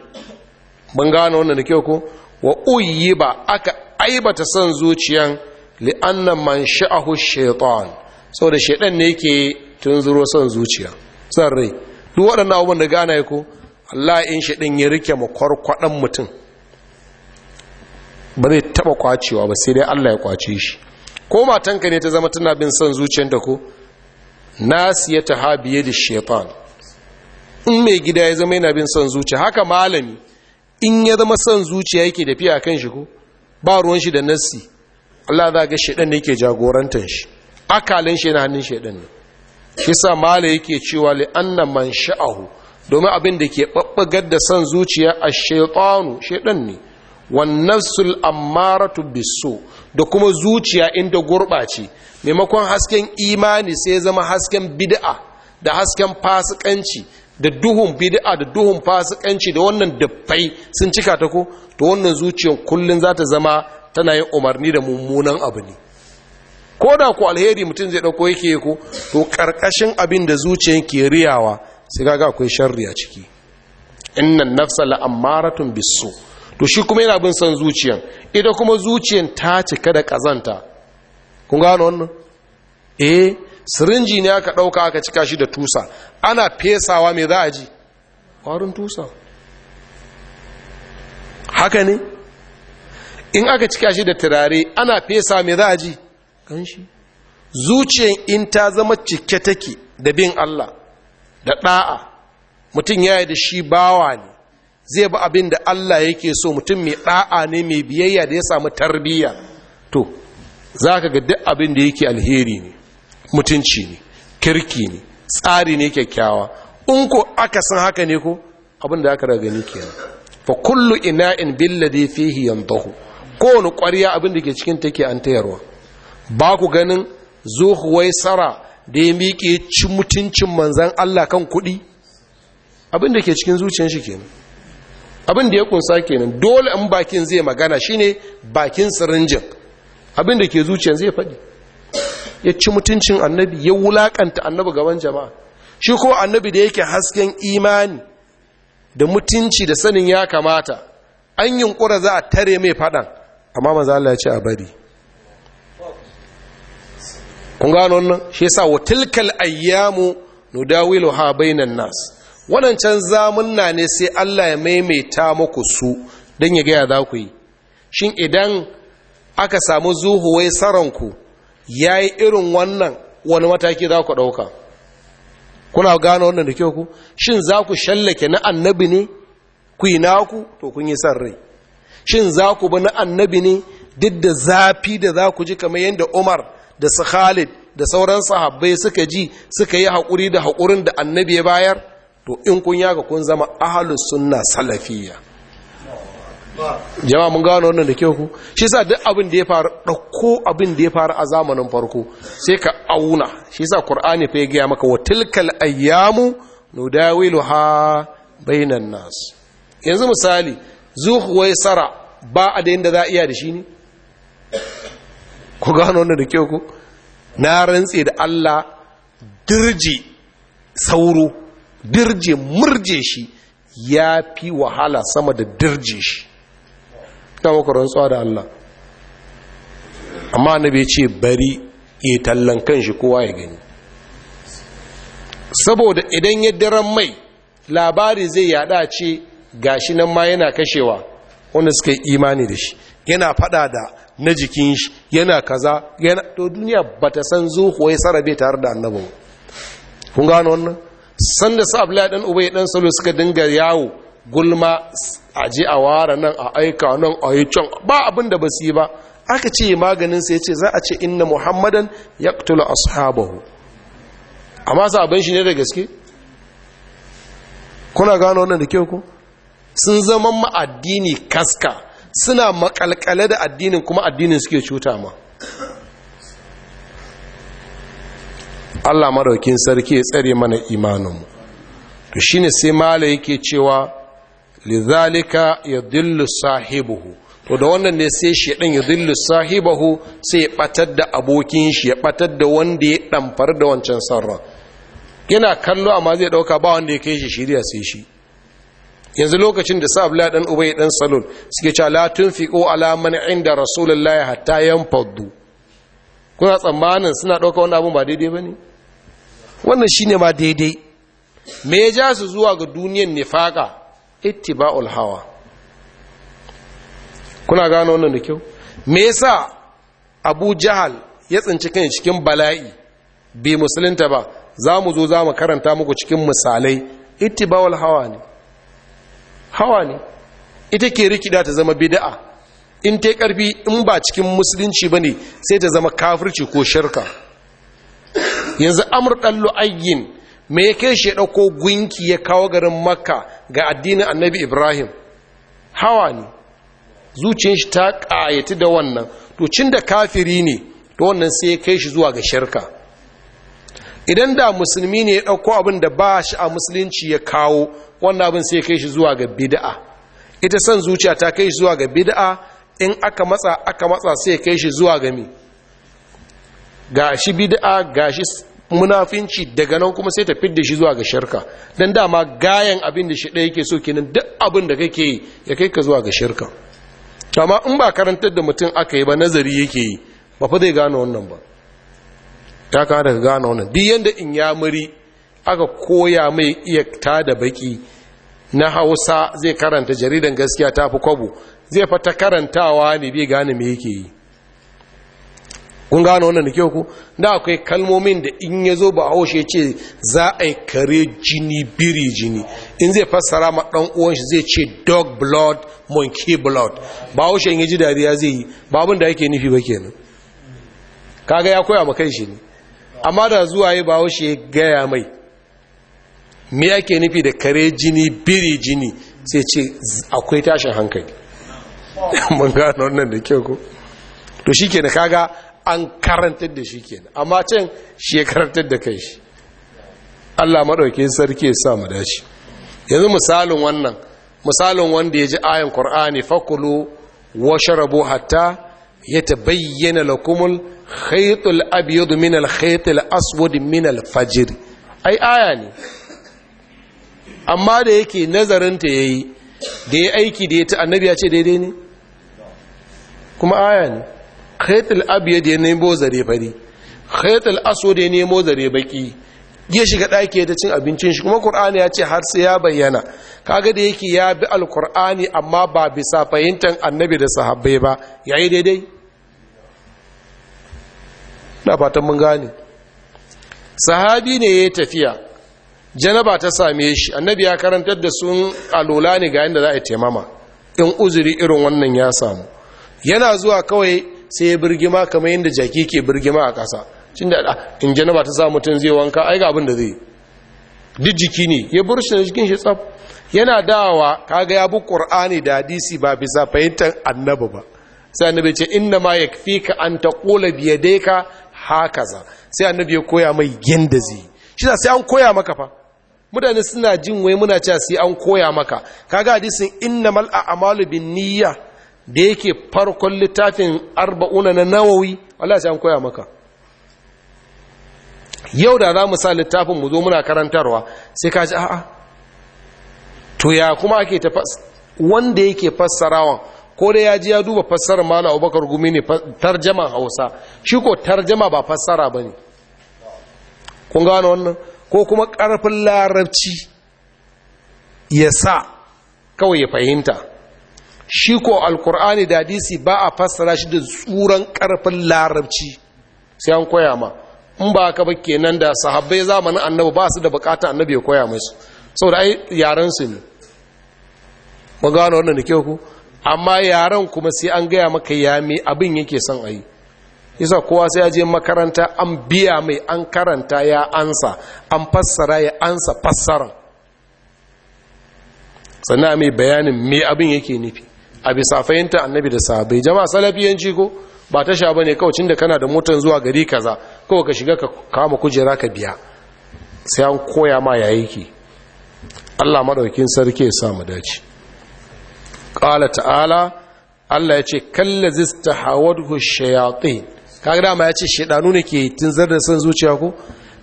mun gano wannan da kyau ko wa uyiba aka aibata son zuciyan li'annan man sha'ahu shaitan saboda shaitan ne yake tunzuro son zuciya son rai duk waɗannan abubuwan da gana ya ko Allah in shaitan ya rike mu kwarkwadan mutum ba zai taba kwacewa ba sai dai Allah ya kwace shi ko matanka ne ta zama tana bin son zuciyarta ko siya ta habiye da shaitan in mai gida ya zama yana bin son zuciya haka malami in ya zama son zuciya yake tafiya kan shi ko ba ruwan shi da nasi Allah za ga shedan ne ke jagorantar shi akalin shi yana hannun shaɗan ne shi sa mala yake cewa li anna man sha'ahu domin abin da ke babbagar da son zuciya a Shaiɗanu shaiɗan ne wan nafsul ammaratu bisu da kuma zuciya inda gurbace maimakon hasken imani sai zama hasken bid'a da hasken fasikanci da duhun bid'a da duhun fasikanci da wannan dubbai sun cika ta ko to wannan zuciyar kullun za ta zama tana yin umarni da mummunan abu ne ko da ku alheri mutum zai ɗauko yake ku to ƙarƙashin abin da zuciyar ke riyawa sai ga akwai sharri a ciki innan nafsa la'ammaratun bisu to shi kuma yana bin san zuciyan ita kuma zuciyan ta cika da ƙazanta kun gano wannan eh sirinji ne aka ɗauka aka cika shi da tusa ana fesawa mai za a ji ƙwarin tusa haka ne in aka cika shi da turare ana fesa mai za a ji ƙanshi zuciyan in ta zama cike take da bin Allah da ɗa'a mutum ya yi da shi bawa ne zai ba abin da Allah yake so mutum mai ɗa'a ne mai biyayya da ya samu tarbiyya to za ka ga duk abin da yake alheri ne mutunci ne kirki ne tsari ne kyakkyawa in ko aka san haka ne ko abin da aka ragani kenan fa kullu ina'in billadi fihi yantahu kowane kwariya abin da ke cikin take an tayarwa ba ku ganin zuhuwai tsara da ya miƙe ci mutuncin manzan Allah kan kuɗi abin da ke cikin zuciyar shi kenan abin da ya kunsa kenan dole in bakin zai magana shine bakin sirinjin abin da ke zuciyar zai faɗi ya ci mutuncin annabi ya wulaƙanta annabi gaban jama'a shi ko annabi da yake hasken imani da mutunci da sanin ya kamata an yunkura za a tare mai faɗan amma maza Allah ya ce a bari kun gano wannan shi yasa wa tilkal ayyamu ha bainan nas Wannan zamun na ne sai Allah ya maimaita muku su dan ya gaya za ku yi shin idan aka samu zuhu wai saran ku yayi irin wannan wani mataki za ku dauka kuna gano wannan da kyau ku shin za ku shallake na annabi ne ku yi naku to kun yi san rai shin za ku bi na annabi ne duk da zafi da za ku ji kamar yadda umar da su khalid da sauran sahabbai suka ji suka yi haƙuri da haƙurin da annabi ya bayar to in kun yaga kun zama ahalus sunna salafiya jama'a mun gano wannan da kyau ku shi sa duk abin da ya faru ɗauko abin da ya faru a zamanin farko sai ka auna shi sa qur'ani fa ya gaya maka wa tilkal ayyamu nudawiluha bainan nas yanzu misali zuhuwai tsara ba a da yadda za a iya da shi ne ku gano wanda da kyau ku na rantse da allah dirje sauro dirje murje shi ya fi wahala sama da dirje shi ta maka rantsuwa da allah amma na bai ce bari ya tallan kan shi kowa ya gani saboda idan ya daren mai labari zai yada ce gashi nan ma yana kashewa wanda suka yi imani da shi yana fada da na jikin shi yana kaza yana to duniya bata san zuwa ya sarabe tare da annabin kun gano wannan san da su abla dan ubai dan salo suka dinga yawo gulma a je a wara nan a aika nan a yi can ba abin da ba su yi ba aka ce maganin sai ce za a ce inna muhammadan yaqtulu ashabahu amma sabon shi ne da gaske kuna gano wannan da kyau ko sun zama ma addini kaska suna makalkale da addinin kuma addinin suke cuta ma Allah maraukin sarki ya tsare mana imaninmu to shine sai mala yake cewa ya dillu sahibuhu to da wannan ne sai ya dillu sahibahu sai ya batar da abokin shi ya batar da wanda ya damfar da wancan sarra yana kallo amma zai ɗauka ba wanda ya kai shi shiriya sai shi yanzu lokacin da sa'ab ladan ubay dan salul suke cewa la tunfiqu ala man inda rasulullahi hatta yanfaddu kuna tsammanin suna dauka wannan abun ba daidai bane wannan shine ma daidai me ya ja su zuwa ga duniyar nifaka ittiba'ul hawa kuna gano wannan da kyau me yasa abu jahal ya tsinci kan cikin bala'i bi musulunta ba za mu zo za mu karanta muku cikin misalai ittiba'ul hawa ne hawa ne ita ke rikida ta zama bida'a in ta karfi in ba cikin musulunci ba ne sai ta zama kafirci ko shirka yanzu amur ɗan lu'ayyin mai ya kai shi ɗauko gunki ya kawo garin makka ga addinin annabi ibrahim hawa ne zuciyar shi ta ƙayyati da wannan to cin da kafiri ne to wannan sai ya kai shi zuwa ga shirka idan da musulmi ne ya ɗauko abin da ba shi a musulunci ya kawo wannan abin sai kai shi zuwa ga bid'a ita son zuciya ta kai shi zuwa ga bid'a in aka matsa aka matsa sai kai shi zuwa ga mi ga shi bid'a ga shi munafinci daga nan kuma sai ta fidda shi zuwa ga shirka don dama gayan abin da shi ɗaya ke so kenan duk abin da kake yi ya kai ka zuwa ga shirka amma in ba karantar da mutum aka yi ba nazari yake yi ba fa zai gane wannan ba ya kawo daga gano wannan duk yadda in ya muri aka koya mai iya ta da baki na hausa zai karanta jaridan gaskiya ta fi kwabo zai fata karantawa ne bai gane mai yake yi kun gano wannan da kyau ku da akwai kalmomin da in ya zo ba a hoshe ce za a yi kare jini biri jini in zai fassara ma ɗan uwan shi zai ce dog blood monkey blood ba haushe in ya ji dariya zai yi babin da yake nufi ba kenan kaga ya koya ma kai shi ne amma da zuwa yi bawo shi gaya mai me yake nufi da kare jini biri jini sai ce akwai tashin hankali mun gano wannan da kyau ko to shikenan kaga an karantar da shi kenan amma can shi ya karantar da kai shi Allah madaukakin sarki ya sa mu dace yanzu misalin wannan misalin wanda ya ji ayin qur'ani fakulu washrabu hatta ya لكم الخيط الأبيض من الخيط الأسود من الفجر min آية fajr ai aya ne amma da yake nazarin ta yayi da ya aiki da ya ta annabi ya ce daidai ne kuma aya ya nemo ya shiga ɗaki da cin abincin shi kuma ƙur'ani ya ce har sai ya bayyana kaga da yake ya bi alƙur'ani amma ba bisa fahimtar annabi da sahabbai ba yayi daidai na fatan mun gane sahabi ne ya tafiya janaba ta same shi annabi ya karantar da sun alola ne ga yadda za a taimama in uzuri irin wannan ya samu yana zuwa kawai sai ya birgima kamar yadda jaki ke birgima a ƙasa cin da ah, in janaba ta samu tun zai wanka ai ga abin da zai duk jiki ne ya burshe da jikin shi tsaf yana dawa kaga ya bi qur'ani da hadisi ba bisa fahimtar annabi ba sai annabi ce inna ma yakfika an taqula bi yadayka hakaza sai annabi ya koya mai yanda zai shi sai an koya maka fa mutane suna jin wai muna cewa sai an koya maka kaga hadisin innamal a'malu niyya da yake farkon littafin arba'una na nawawi wallahi sai an koya maka yau da za mu sa littafin mu zo muna karantarwa sai ka ji a'a to ya kuma ake ta wanda yake fassarawa ko da ya ji ya duba fassarar mala abubakar gumi ne tarjama hausa shi ko tarjama ba fassara ba ne kun gano wannan ko kuma ƙarfin larabci ya sa kawai ya fahimta shi ko alkur'ani da disi ba a fassara shi da tsuran ƙarfin larabci sai an koya ma in ba ka ba kenan da sahabbai zamanin annabi ba su da bukata annabi ya koya musu saboda ai yaran su ne mu gano wannan da kyau ku amma yaran kuma sai an gaya maka ya me abin yake son ayi, yi yasa kowa sai ya je makaranta an biya mai an karanta ya ansa an fassara ya ansa fassaran sannan mai bayanin me abin yake nufi a bisa fahimta annabi da sahabbai jama'a salafiyanci ko ba ta sha bane kawai da kana da motar zuwa gari kaza kawai ka shiga ka kama kujera ka biya sai an koya ma yayi ki Allah maɗaukin sarki ya sa dace kala ta'ala Allah ya ce kalla zista hawadhu shayatin kaga dama ya ce shaidanu ne ke tunzar da san zuciya ko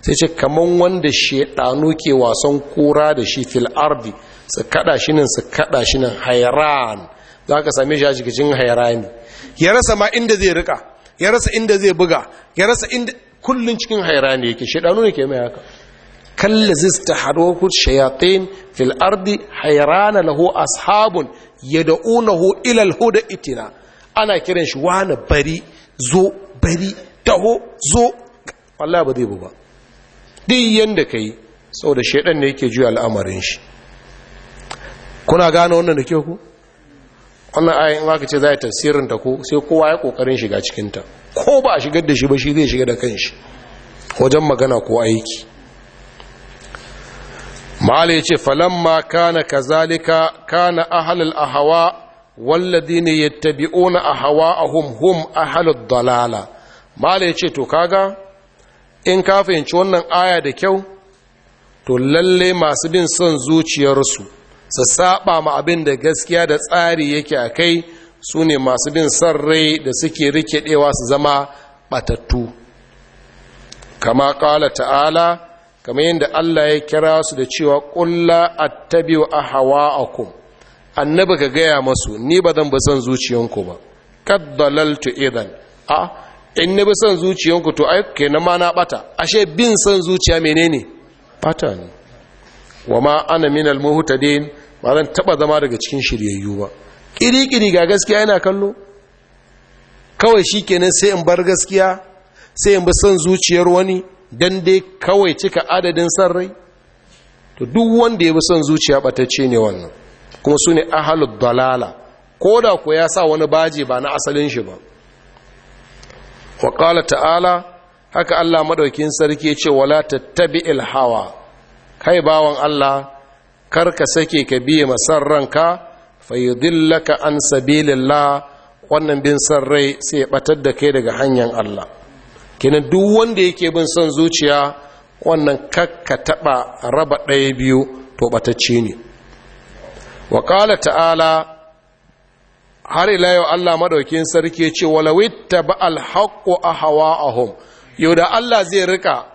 sai ce kaman wanda shaidanu ke wasan kura da shi fil ardi su kada shi nan su kada shi nan hairan za ka same shi a cikin hairani ya rasa ma inda zai rika ya rasa inda zai buga ya rasa inda kullun cikin hairani yake shaidanu ne ke mai haka kalla zista hawadhu shayatin fil ardi hairan lahu ashabun yad'unahu ila ilal, huda itina ana kiran shi wani bari zo bari taho zo wallahi ba zai bu ba duk yanda kai saboda shedan ne yake juya al'amarin shi kuna gane wannan da ke ku wannan ayin in aka ce za a ta ko sai kowa ya kokarin shiga cikin ta ko ba a shigar da shi ba shi zai shiga da kanshi wajen magana ko aiki mala ya ce falamma kana kazalika kana ahalul ahawa a yattabi'una a hum hum, ahalud dalala mala ya ce to kaga in ka fahimci wannan aya da kyau to lalle masu bin son zuciyarsu su saba ma abin da gaskiya da tsari yake a kai su ne masu bin son rai da suke rike dewa su zama batattu kama kala ta'ala kamar yadda Allah ya kira su da cewa ƙulla a aku. annabi ka gaya masu ni ba zan basan zuciyanku ba kad idan a in ni basan zuciyanku to ai kenan ma na bata ashe bin son zuciya menene bata ne wa ma ana min al muhtadin ba zan taba zama daga cikin shiryayyu ba kirikiri ga gaskiya yana kallo kawai shikenan sai in bar gaskiya sai in bi son zuciyar wani don dai kawai cika adadin san rai to duk wanda ya bi son zuciya batacce ne wannan kuma su ne ahalud dalala ko da ku ya sa wani baji ba na asalin shi ba wa ta'ala haka Allah maɗaukin sarki ce wala tattabi'il ilhawa kai bawan Allah kar ka sake ka biye masan ranka fayyadillaka an sabilillah wannan bin sarrai rai sai ya batar da kai daga hanyar Allah kenan duk wanda yake bin son zuciya wannan kakka taɓa raba ɗaya biyu to ɓatacce ne wa ƙala ta'ala har ila yau Allah madaukin sarki ya ce walawitta ba alhaqqu ahwa'ahum yau da Allah zai rika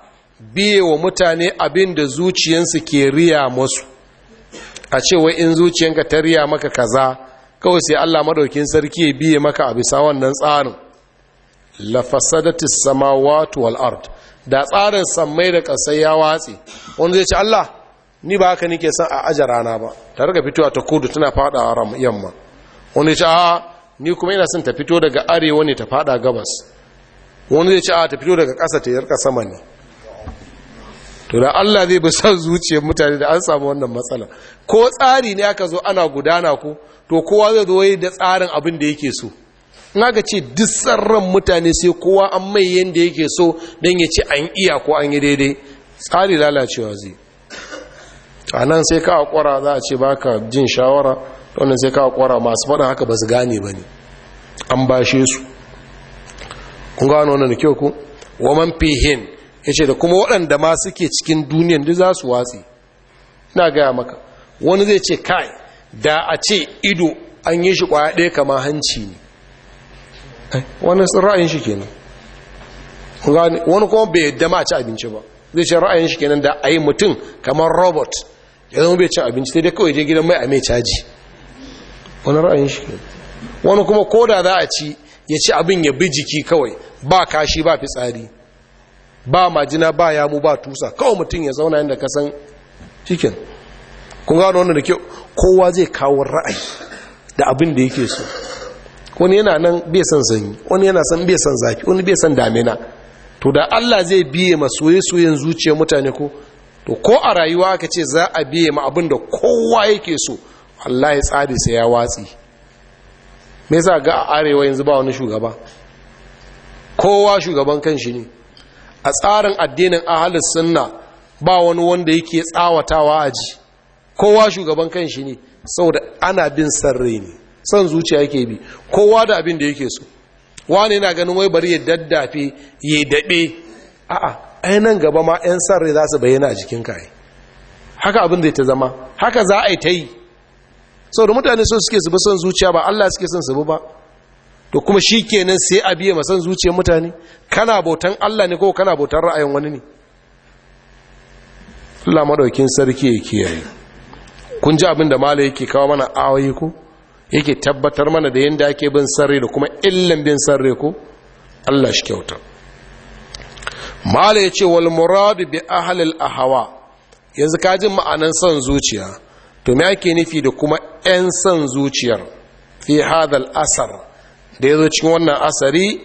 biye wa mutane abin da zuciyansu ke riya musu a ce wai in zuciyanka ta riya maka kaza kawai sai Allah madaukin sarki ya biye maka a bisa wannan tsarin lafasadatis samawati wal ard da tsarin sammai da kasai ya watsi wanda zai ce Allah ni ba haka nike son a aje rana ba ta riga fitowa ta kudu tana fada a yamma wanda ya ce a ni kuma ina son ta fito daga arewa ne ta fada gabas wanda zai ce a ta fito daga ƙasa ta yarka sama ne to da Allah zai bi son zuciyar mutane da an samu wannan matsala ko tsari ne aka zo ana gudana ko to kowa zai zo da tsarin abin da yake so N'a ga ce duk ran mutane sai kowa an mai yadda yake so don ya ce an iya ko an yi daidai tsari lalacewa zai a nan sai ka kwara za a ce ba jin shawara wannan sai ka kwara masu faɗin haka ba su gane ba ne an bashe su kun gano wannan da kyau ku waman fihin ya ce da kuma waɗanda ma suke cikin duniyan duk za su watsi na gaya maka wani zai ce kai da a ce ido an yi shi kwaya ɗaya kama hanci ne Eh? wani ra'ayin shi kenan wani kuma bai yadda a ci abinci ba zai ce ra'ayin shi kenan da a yi mutum kamar robot ya zama bai ci abinci sai dai kawai je gidan mai a mai caji wani ra'ayin shi kenan wani kuma koda za a ci ya ci abin ya bi jiki kawai ba kashi ba fitsari ba majina ba yamu ba tusa kawai mutum ya zauna yadda kasan cikin kun gano wannan da kyau kowa zai kawo ra'ayi da abin da yake so wani yana nan bai son sanyi wani yana son bai son zaki wani bai son damina to da Allah zai biye ma soyayyen zuciyar mutane ko to ko a rayuwa aka ce za a biye ma abinda da kowa yake so Allah ya tsari sai ya watsi me yasa ga a arewa yanzu ba wani shugaba kowa shugaban kanshi ne a tsarin addinin ahlus sunna ba wani wanda yake tsawatawa aji kowa shugaban kanshi ne saboda ana bin sarre ne son zuciya yake bi kowa da abin da yake so wani yana ganin wai bari ya daddafe ya daɓe a'a a nan gaba ma 'yan san rai za su bayyana a jikin kayi haka abin ya ta zama haka za a yi ta yi sau da mutane so suke su son zuciya ba allah suke son su bi ba to kuma shi kenan sai a biya masan zuciyar mutane kana bautan allah ne ko kana bautan ra'ayin wani ne allah sarki ya kiyaye kun ji abin da mala yake kawo mana awayi yake tabbatar mana da yadda ake bin sarri da kuma illan bin sarri ko Allah shi kyauta mala ya ce wal muradu bi ahlil ahawa yanzu ka ji ma'anan son zuciya to me ake nufi da kuma 'yan son zuciyar fi hadal asar da ya zo cikin wannan asari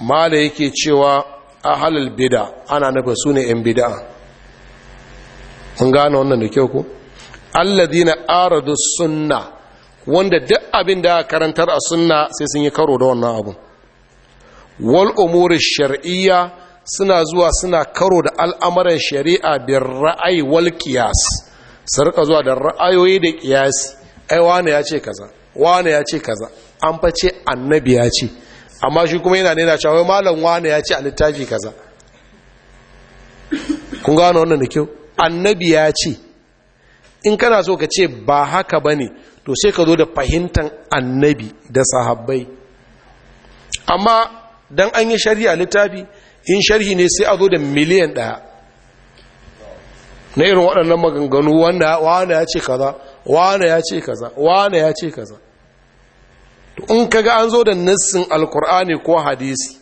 mala yake cewa ahalal bida ana nufin su ne 'yan bida mun gane wannan da kyau ku alladina aradu sunna wanda duk abin da karantar a sunna sai sun yi karo da wannan abun wal umuri shar'iyya suna zuwa suna karo da al'amuran shari'a da ra'ayi wal kiyas su rika zuwa da ra'ayoyi da kiyas ai wane ya ce kaza wane ya ce kaza an fa ce annabi ya ce amma shi kuma yana nena cewa malam wane ya ce a littafi kaza kun gano wannan da kyau annabi ya ce in kana so ka ce ba haka bane to sai ka zo da fahimtar annabi da sahabbai amma don an yi shari'a littafi in sharhi ne sai a zo da miliyan ɗaya na irin waɗannan maganganu wanda wane ya ce kaza wane ya ce kaza wane ya ce kaza to in kaga an zo da nassin alkur'ani ko hadisi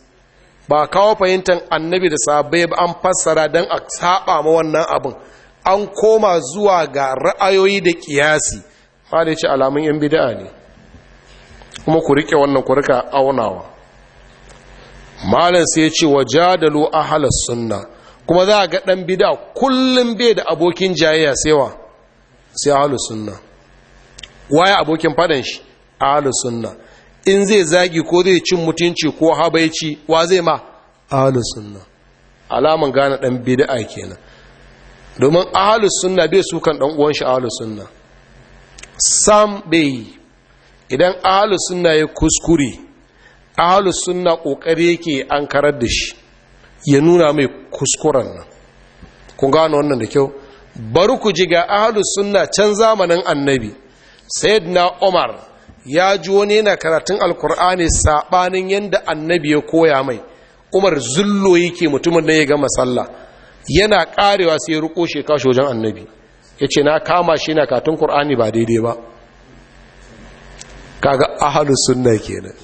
ba kawo fahimtar annabi da sahabbai ba an fassara don a saba ma wannan abin an koma zuwa ga ra'ayoyi da kiyasi ma ya ce alamun yan bida'a ne kuma ku rike wannan ku rika aunawa malam sai ya ce wa jadalu ahalas sunna kuma za a ga dan bid'a kullum bai da abokin jayayya saiwa sai ahalus sunna waye abokin fadan shi ahalus sunna in zai zagi ko zai cin mutunci ko habaici wa zai ma ahalus sunna alamun gane dan bid'a kenan domin ahalus sunna bai sukan dan uwan shi ahalus sunna sam bai idan ahalus suna ya kuskure ahalus suna kokari yake an karar da shi ya nuna mai kuskuren nan kun gano wannan da kyau bari ku ji ga ahalus suna can zamanin annabi na umar ya ji wani yana karatun alkur'ani saɓanin yadda annabi ya koya mai umar zullo yake mutumin da ya gama sallah yana ƙarewa sai ya ruko sheka wajen annabi ya ce na kama shi na katun ƙur'ani ba daidai ba kaga ahalus sunna kenan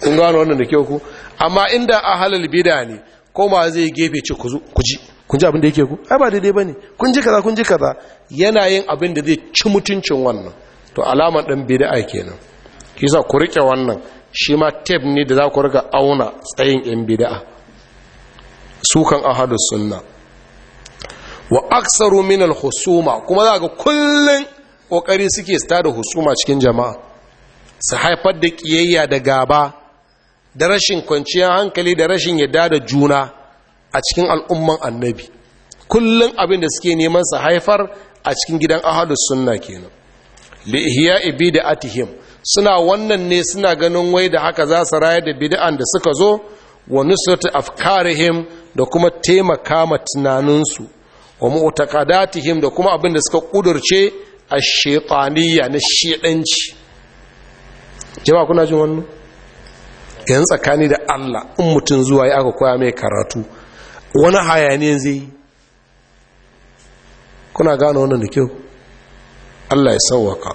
kun gano wannan da kyau ku amma inda ahalul bid'a ne ko ma zai gefe ci ku ji kun ji abin da yake ku ai ba daidai bane kun ji kaza kun ji kaza yana yin abin da zai ci mutuncin wannan to alamar dan bid'a kenan kisa ku rike wannan shi ma tape ne da za ku riga auna tsayin yan bid'a sukan ahalus sunna wa aksaru min husuma kuma za ga kullun kokari suke sta da husuma cikin jama'a su haifar da kiyayya da gaba da rashin kwanciyar hankali da rashin yadda da juna a cikin al'umman annabi kullun abin da suke neman su haifar a cikin gidan ahadus sunna kenan lihiya ibi da atihim suna wannan ne suna ganin wai da haka za su rayar da bid'an da suka zo wa nusrat afkarihim da kuma taimaka ma tunaninsu wa mu'taqadatihim da kuma abin da suka kudurce ash-shaytaniyya na shedanci jama'a kuna jin wannan yan tsakani da Allah in mutun zuwa ya aka koya mai karatu wani hayani zai kuna gano wannan da kyau Allah ya sauwaka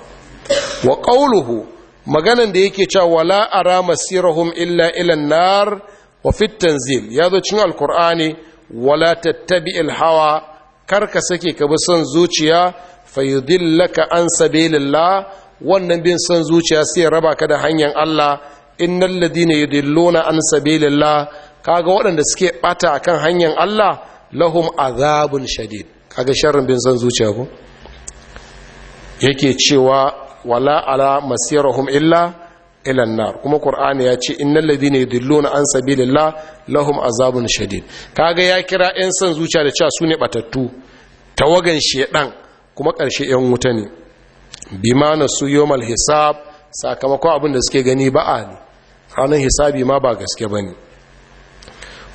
wa qawluhu maganan da yake cewa wala ara masirahum illa ila nar wa fit tanzil yazo cin alqur'ani wala tattabi hawa. kar ka sake ka bi son zuciya fayudillaka an sabilillah wannan bin son zuciya sai ya raba ka da hanyar Allah innal ladina yudilluna an sabilillah kaga waɗanda suke bata akan hanyar Allah lahum azabun shadid kaga sharrin bin son zuciya ko yake cewa wala ala masirahum illa ilan nar kuma qur'ani ya ce innal ladina yudilluna an sabilillah lahum azabun shadid kaga ya kira yan san zuciya da cewa sune batattu tawagan shedan kuma karshe yan wuta ne bima nasu yawmal hisab sakamakon abin da suke gani ba'a ne ranar hisabi ma ba gaske bane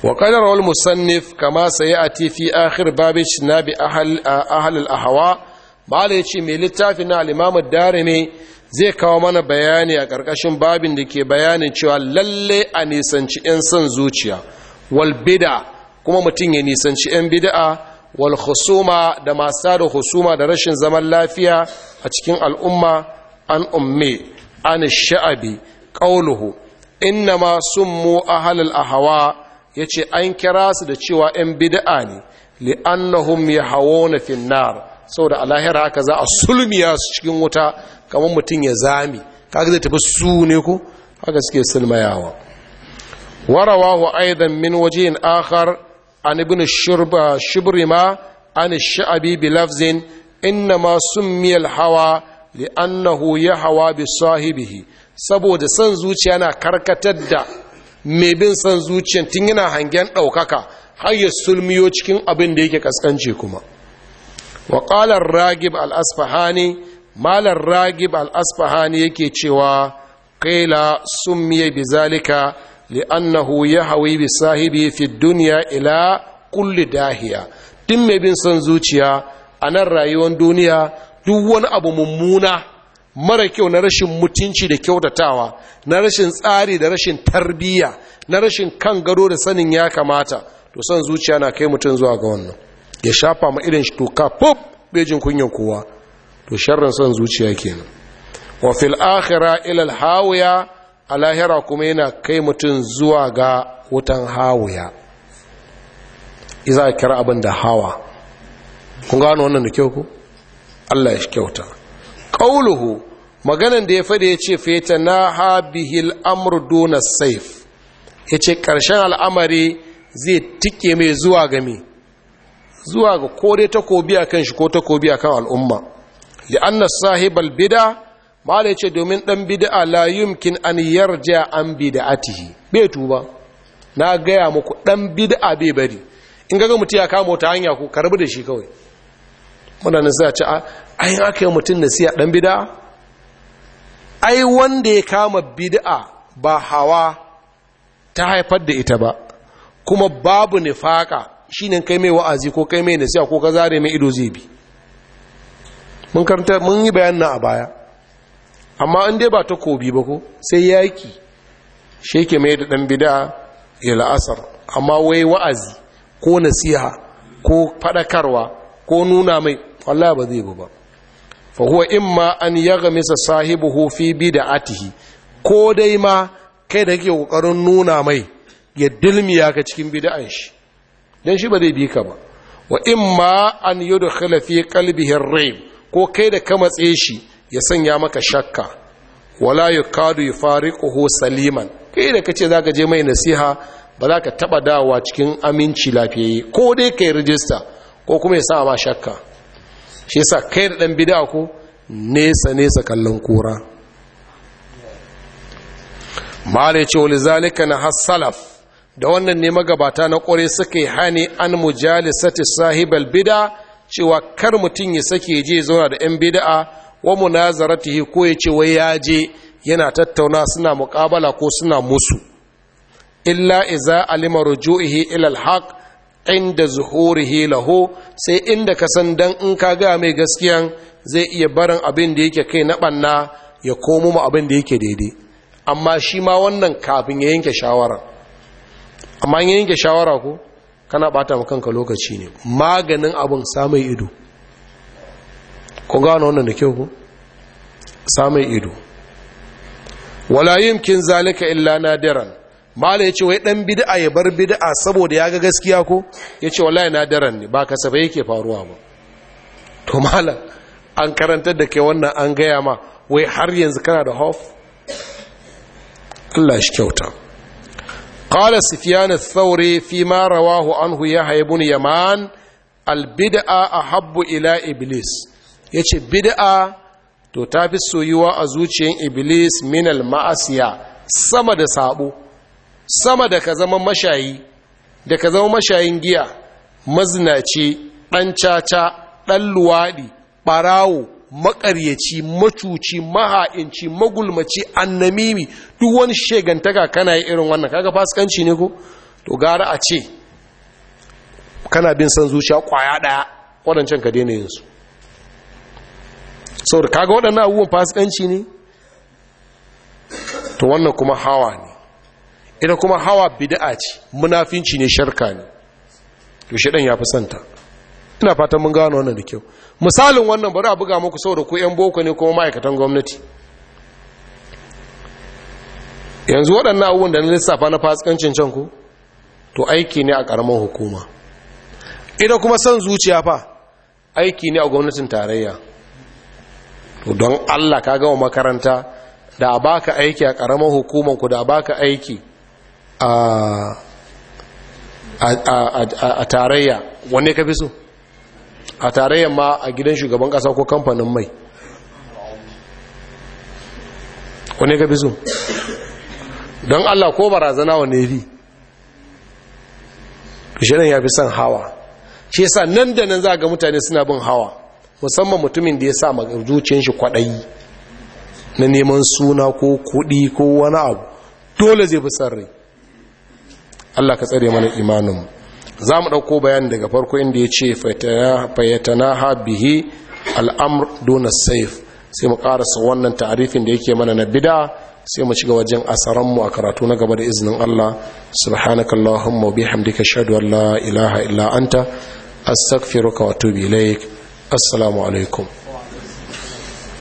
وقال روى المصنف كما سيأتي في آخر باب اجتناب أهل, أهل الأهواء ما mai شيء من التافنا الإمام الدارمي zai kawo mana bayani a ƙarƙashin babin da ke bayanin cewa lalle a nisanci 'yan son zuciya wal bida kuma mutum ya nisanci 'yan bida'a wal husuma da masu da husuma da rashin zaman lafiya a cikin al'umma an umme an sha'abi ƙauluhu inna ma sun mu a halal a hawa ya ce an kira su da cewa 'yan bida'a ne li'annahum ya hawo na finnar sau da alahira haka za a sulmiya su cikin wuta kamar mutum ya zami kaga zai tafi su ne ko haka suke sulmayawa warawahu aidan min wajen akhar an ibn shurba shibrima an sha'abi bi lafzin ma summiya al-hawa ya hawa bi sahibihi saboda san zuciya na karkatar da mai bin san zuciyar tun yana hangen ɗaukaka har ya sulmiyo cikin abin da yake kaskanci kuma wa ragib al-asfahani malar ragib al yake cewa kaila miye bi zalika li'annahu yahwi bi sahibi fi duniya ila kulli dahiya din mai bin son zuciya a nan rayuwar duniya duk wani abu mummuna mara kyau na rashin mutunci da kyautatawa na rashin tsari da rashin tarbiyya na rashin kan gado da sanin ya kamata to son zuciya na kai mutum zuwa ga wannan ya shafa ma irin shi toka pop bejin kunyan kowa to sharrin son zuciya kenan wa fil akhira ila al hawiya ala'hira kuma yana kai mutum zuwa ga wutan hawiya iza kira abin da hawa kun gano wannan da kyau ku Allah ya shi kyauta qauluhu maganan da ya fada ya ce feta na ha bihil amru duna saif ya ce ƙarshen al'amari zai tike mai zuwa ga zuwa ga ko takobi a kan shi ko takobi a kan al'umma li anna sahibal bid'a mala yace domin dan bid'a la yumkin an yarja an bid'atihi bai tuba na gaya muku dan bid'a bai bari in ga mutum ya kama wata hanya ku karbi da shi kawai mutanen sai a ce ai aka yi mutum da siya dan bid'a ai wanda ya kama bid'a ba hawa ta haifar da ita ba kuma babu nifaka shine kai mai wa'azi ko kai mai nasiha ko ka zare mai ido zai bi mun karanta mun yi bayan na a baya amma an dai ba ta kobi ba ko sai yaki shi mai da ɗan bida ya la'asar amma wai wa'azi ko nasiha ko faɗakarwa ko nuna mai Allah ba zai ba fa huwa imma an yaghmisa sahibihi fi bid'atihi ko dai ma kai da kake kokarin nuna mai ya dilmiya ka cikin bid'an shi dan shi ba zai bi ka ba wa imma an yudkhala fi qalbihi ar-rayb ko kai da ka matse shi ya sanya maka shakka wala ya yukadu yufariquhu saliman kai da kace zaka je mai nasiha ba za ka taba dawa cikin aminci lafiyayye ko dai kai rijista ko kuma ya sa ma shakka shi yasa kai da dan bid'a ko nesa nesa kallon kura Mare ya ce wani zalika na hassalaf da wannan ne magabata na kore suka yi hani an mujalisati sahibal bida cewa kar mutum ya sake je zauna da yan bida'a, wa munazaratihi ko ya ce wai ya je yana tattauna suna muƙabala ko suna musu illa iza alima ruju'ihi ila alhaq inda zuhurihi lahu sai inda ka san dan in ka ga mai gaskiya zai iya barin abin da yake kai na banna ya komo mu abin da yake daidai amma shi ma wannan kafin ya yanke shawara amma yanke shawara ko kana bata ma kanka lokaci ne maganin abin samun ido ku gano wannan da kyau samun ido wala yumkin zalika illa nadiran mala ce wai dan bid'a ya bar bid'a saboda ya ga gaskiya ko Ya ce wallahi nadiran ne ba kasafa yake faruwa ba to mala an karantar da kai wannan an gaya ma wai har yanzu kana da hof Allah shi kyauta قال سفيان الثوري anhu ya haibun يحيى al يمان a أحب ila Iblis, yace bid'a to ta fi soyuwa a zuciyar iblis Minal ma'asiya sama da saɓo, sama da ka zama mashayi da zama mashayin giya mazinaci ɗan caca ɗan luwaɗi ɓarawo makaryaci macuci maha'inci magulmaci annamimi duk wani shegantaka kana yi irin wannan kaga fasikanci ne ko to gara a ce kana bin san zuciya kwaya daya wadancan ka daina yin su saboda kaga waɗannan abubuwan fasikanci ne to wannan kuma hawa ne ita kuma hawa bid'a ce munafinci ne sharka ne to shedan ya fi santa ina fatan mun gano wannan da kyau misalin wannan bari a buga muku saboda ku yan boko ne kuma ma'aikatan gwamnati yanzu waɗannan abubuwan da na lissafa na fasikancin can ku to aiki ne a ƙaramin hukuma idan kuma son zuciya fa aiki ne a gwamnatin tarayya to don allah ka gama makaranta da a baka aiki a ƙaramin hukuman ku da a baka aiki a tarayya wanne ka fi so a tare yamma a gidan shugaban kasa ko kamfanin mai wane ka fi don allah ko barazana wa nefi shirin ya fi son hawa shi yasa nan da nan za ga mutane suna bin hawa musamman mutumin da ya sa zuciyar shi kwaɗayi na neman suna ko kuɗi ko wani abu dole zai fi son rai allah ka tsare mana imaninmu za mu ɗauko bayan daga farko inda ya ce fayyatana ha bihi al'amur dona saif sai mu ƙarasa wannan tarifin da yake mana na bida sai mu shiga wajen asaranmu a karatu na gaba da izinin Allah subhanakallahumma wa hamdika shahadu an la ilaha illa anta as-sakfiruka wa atubu assalamu alaikum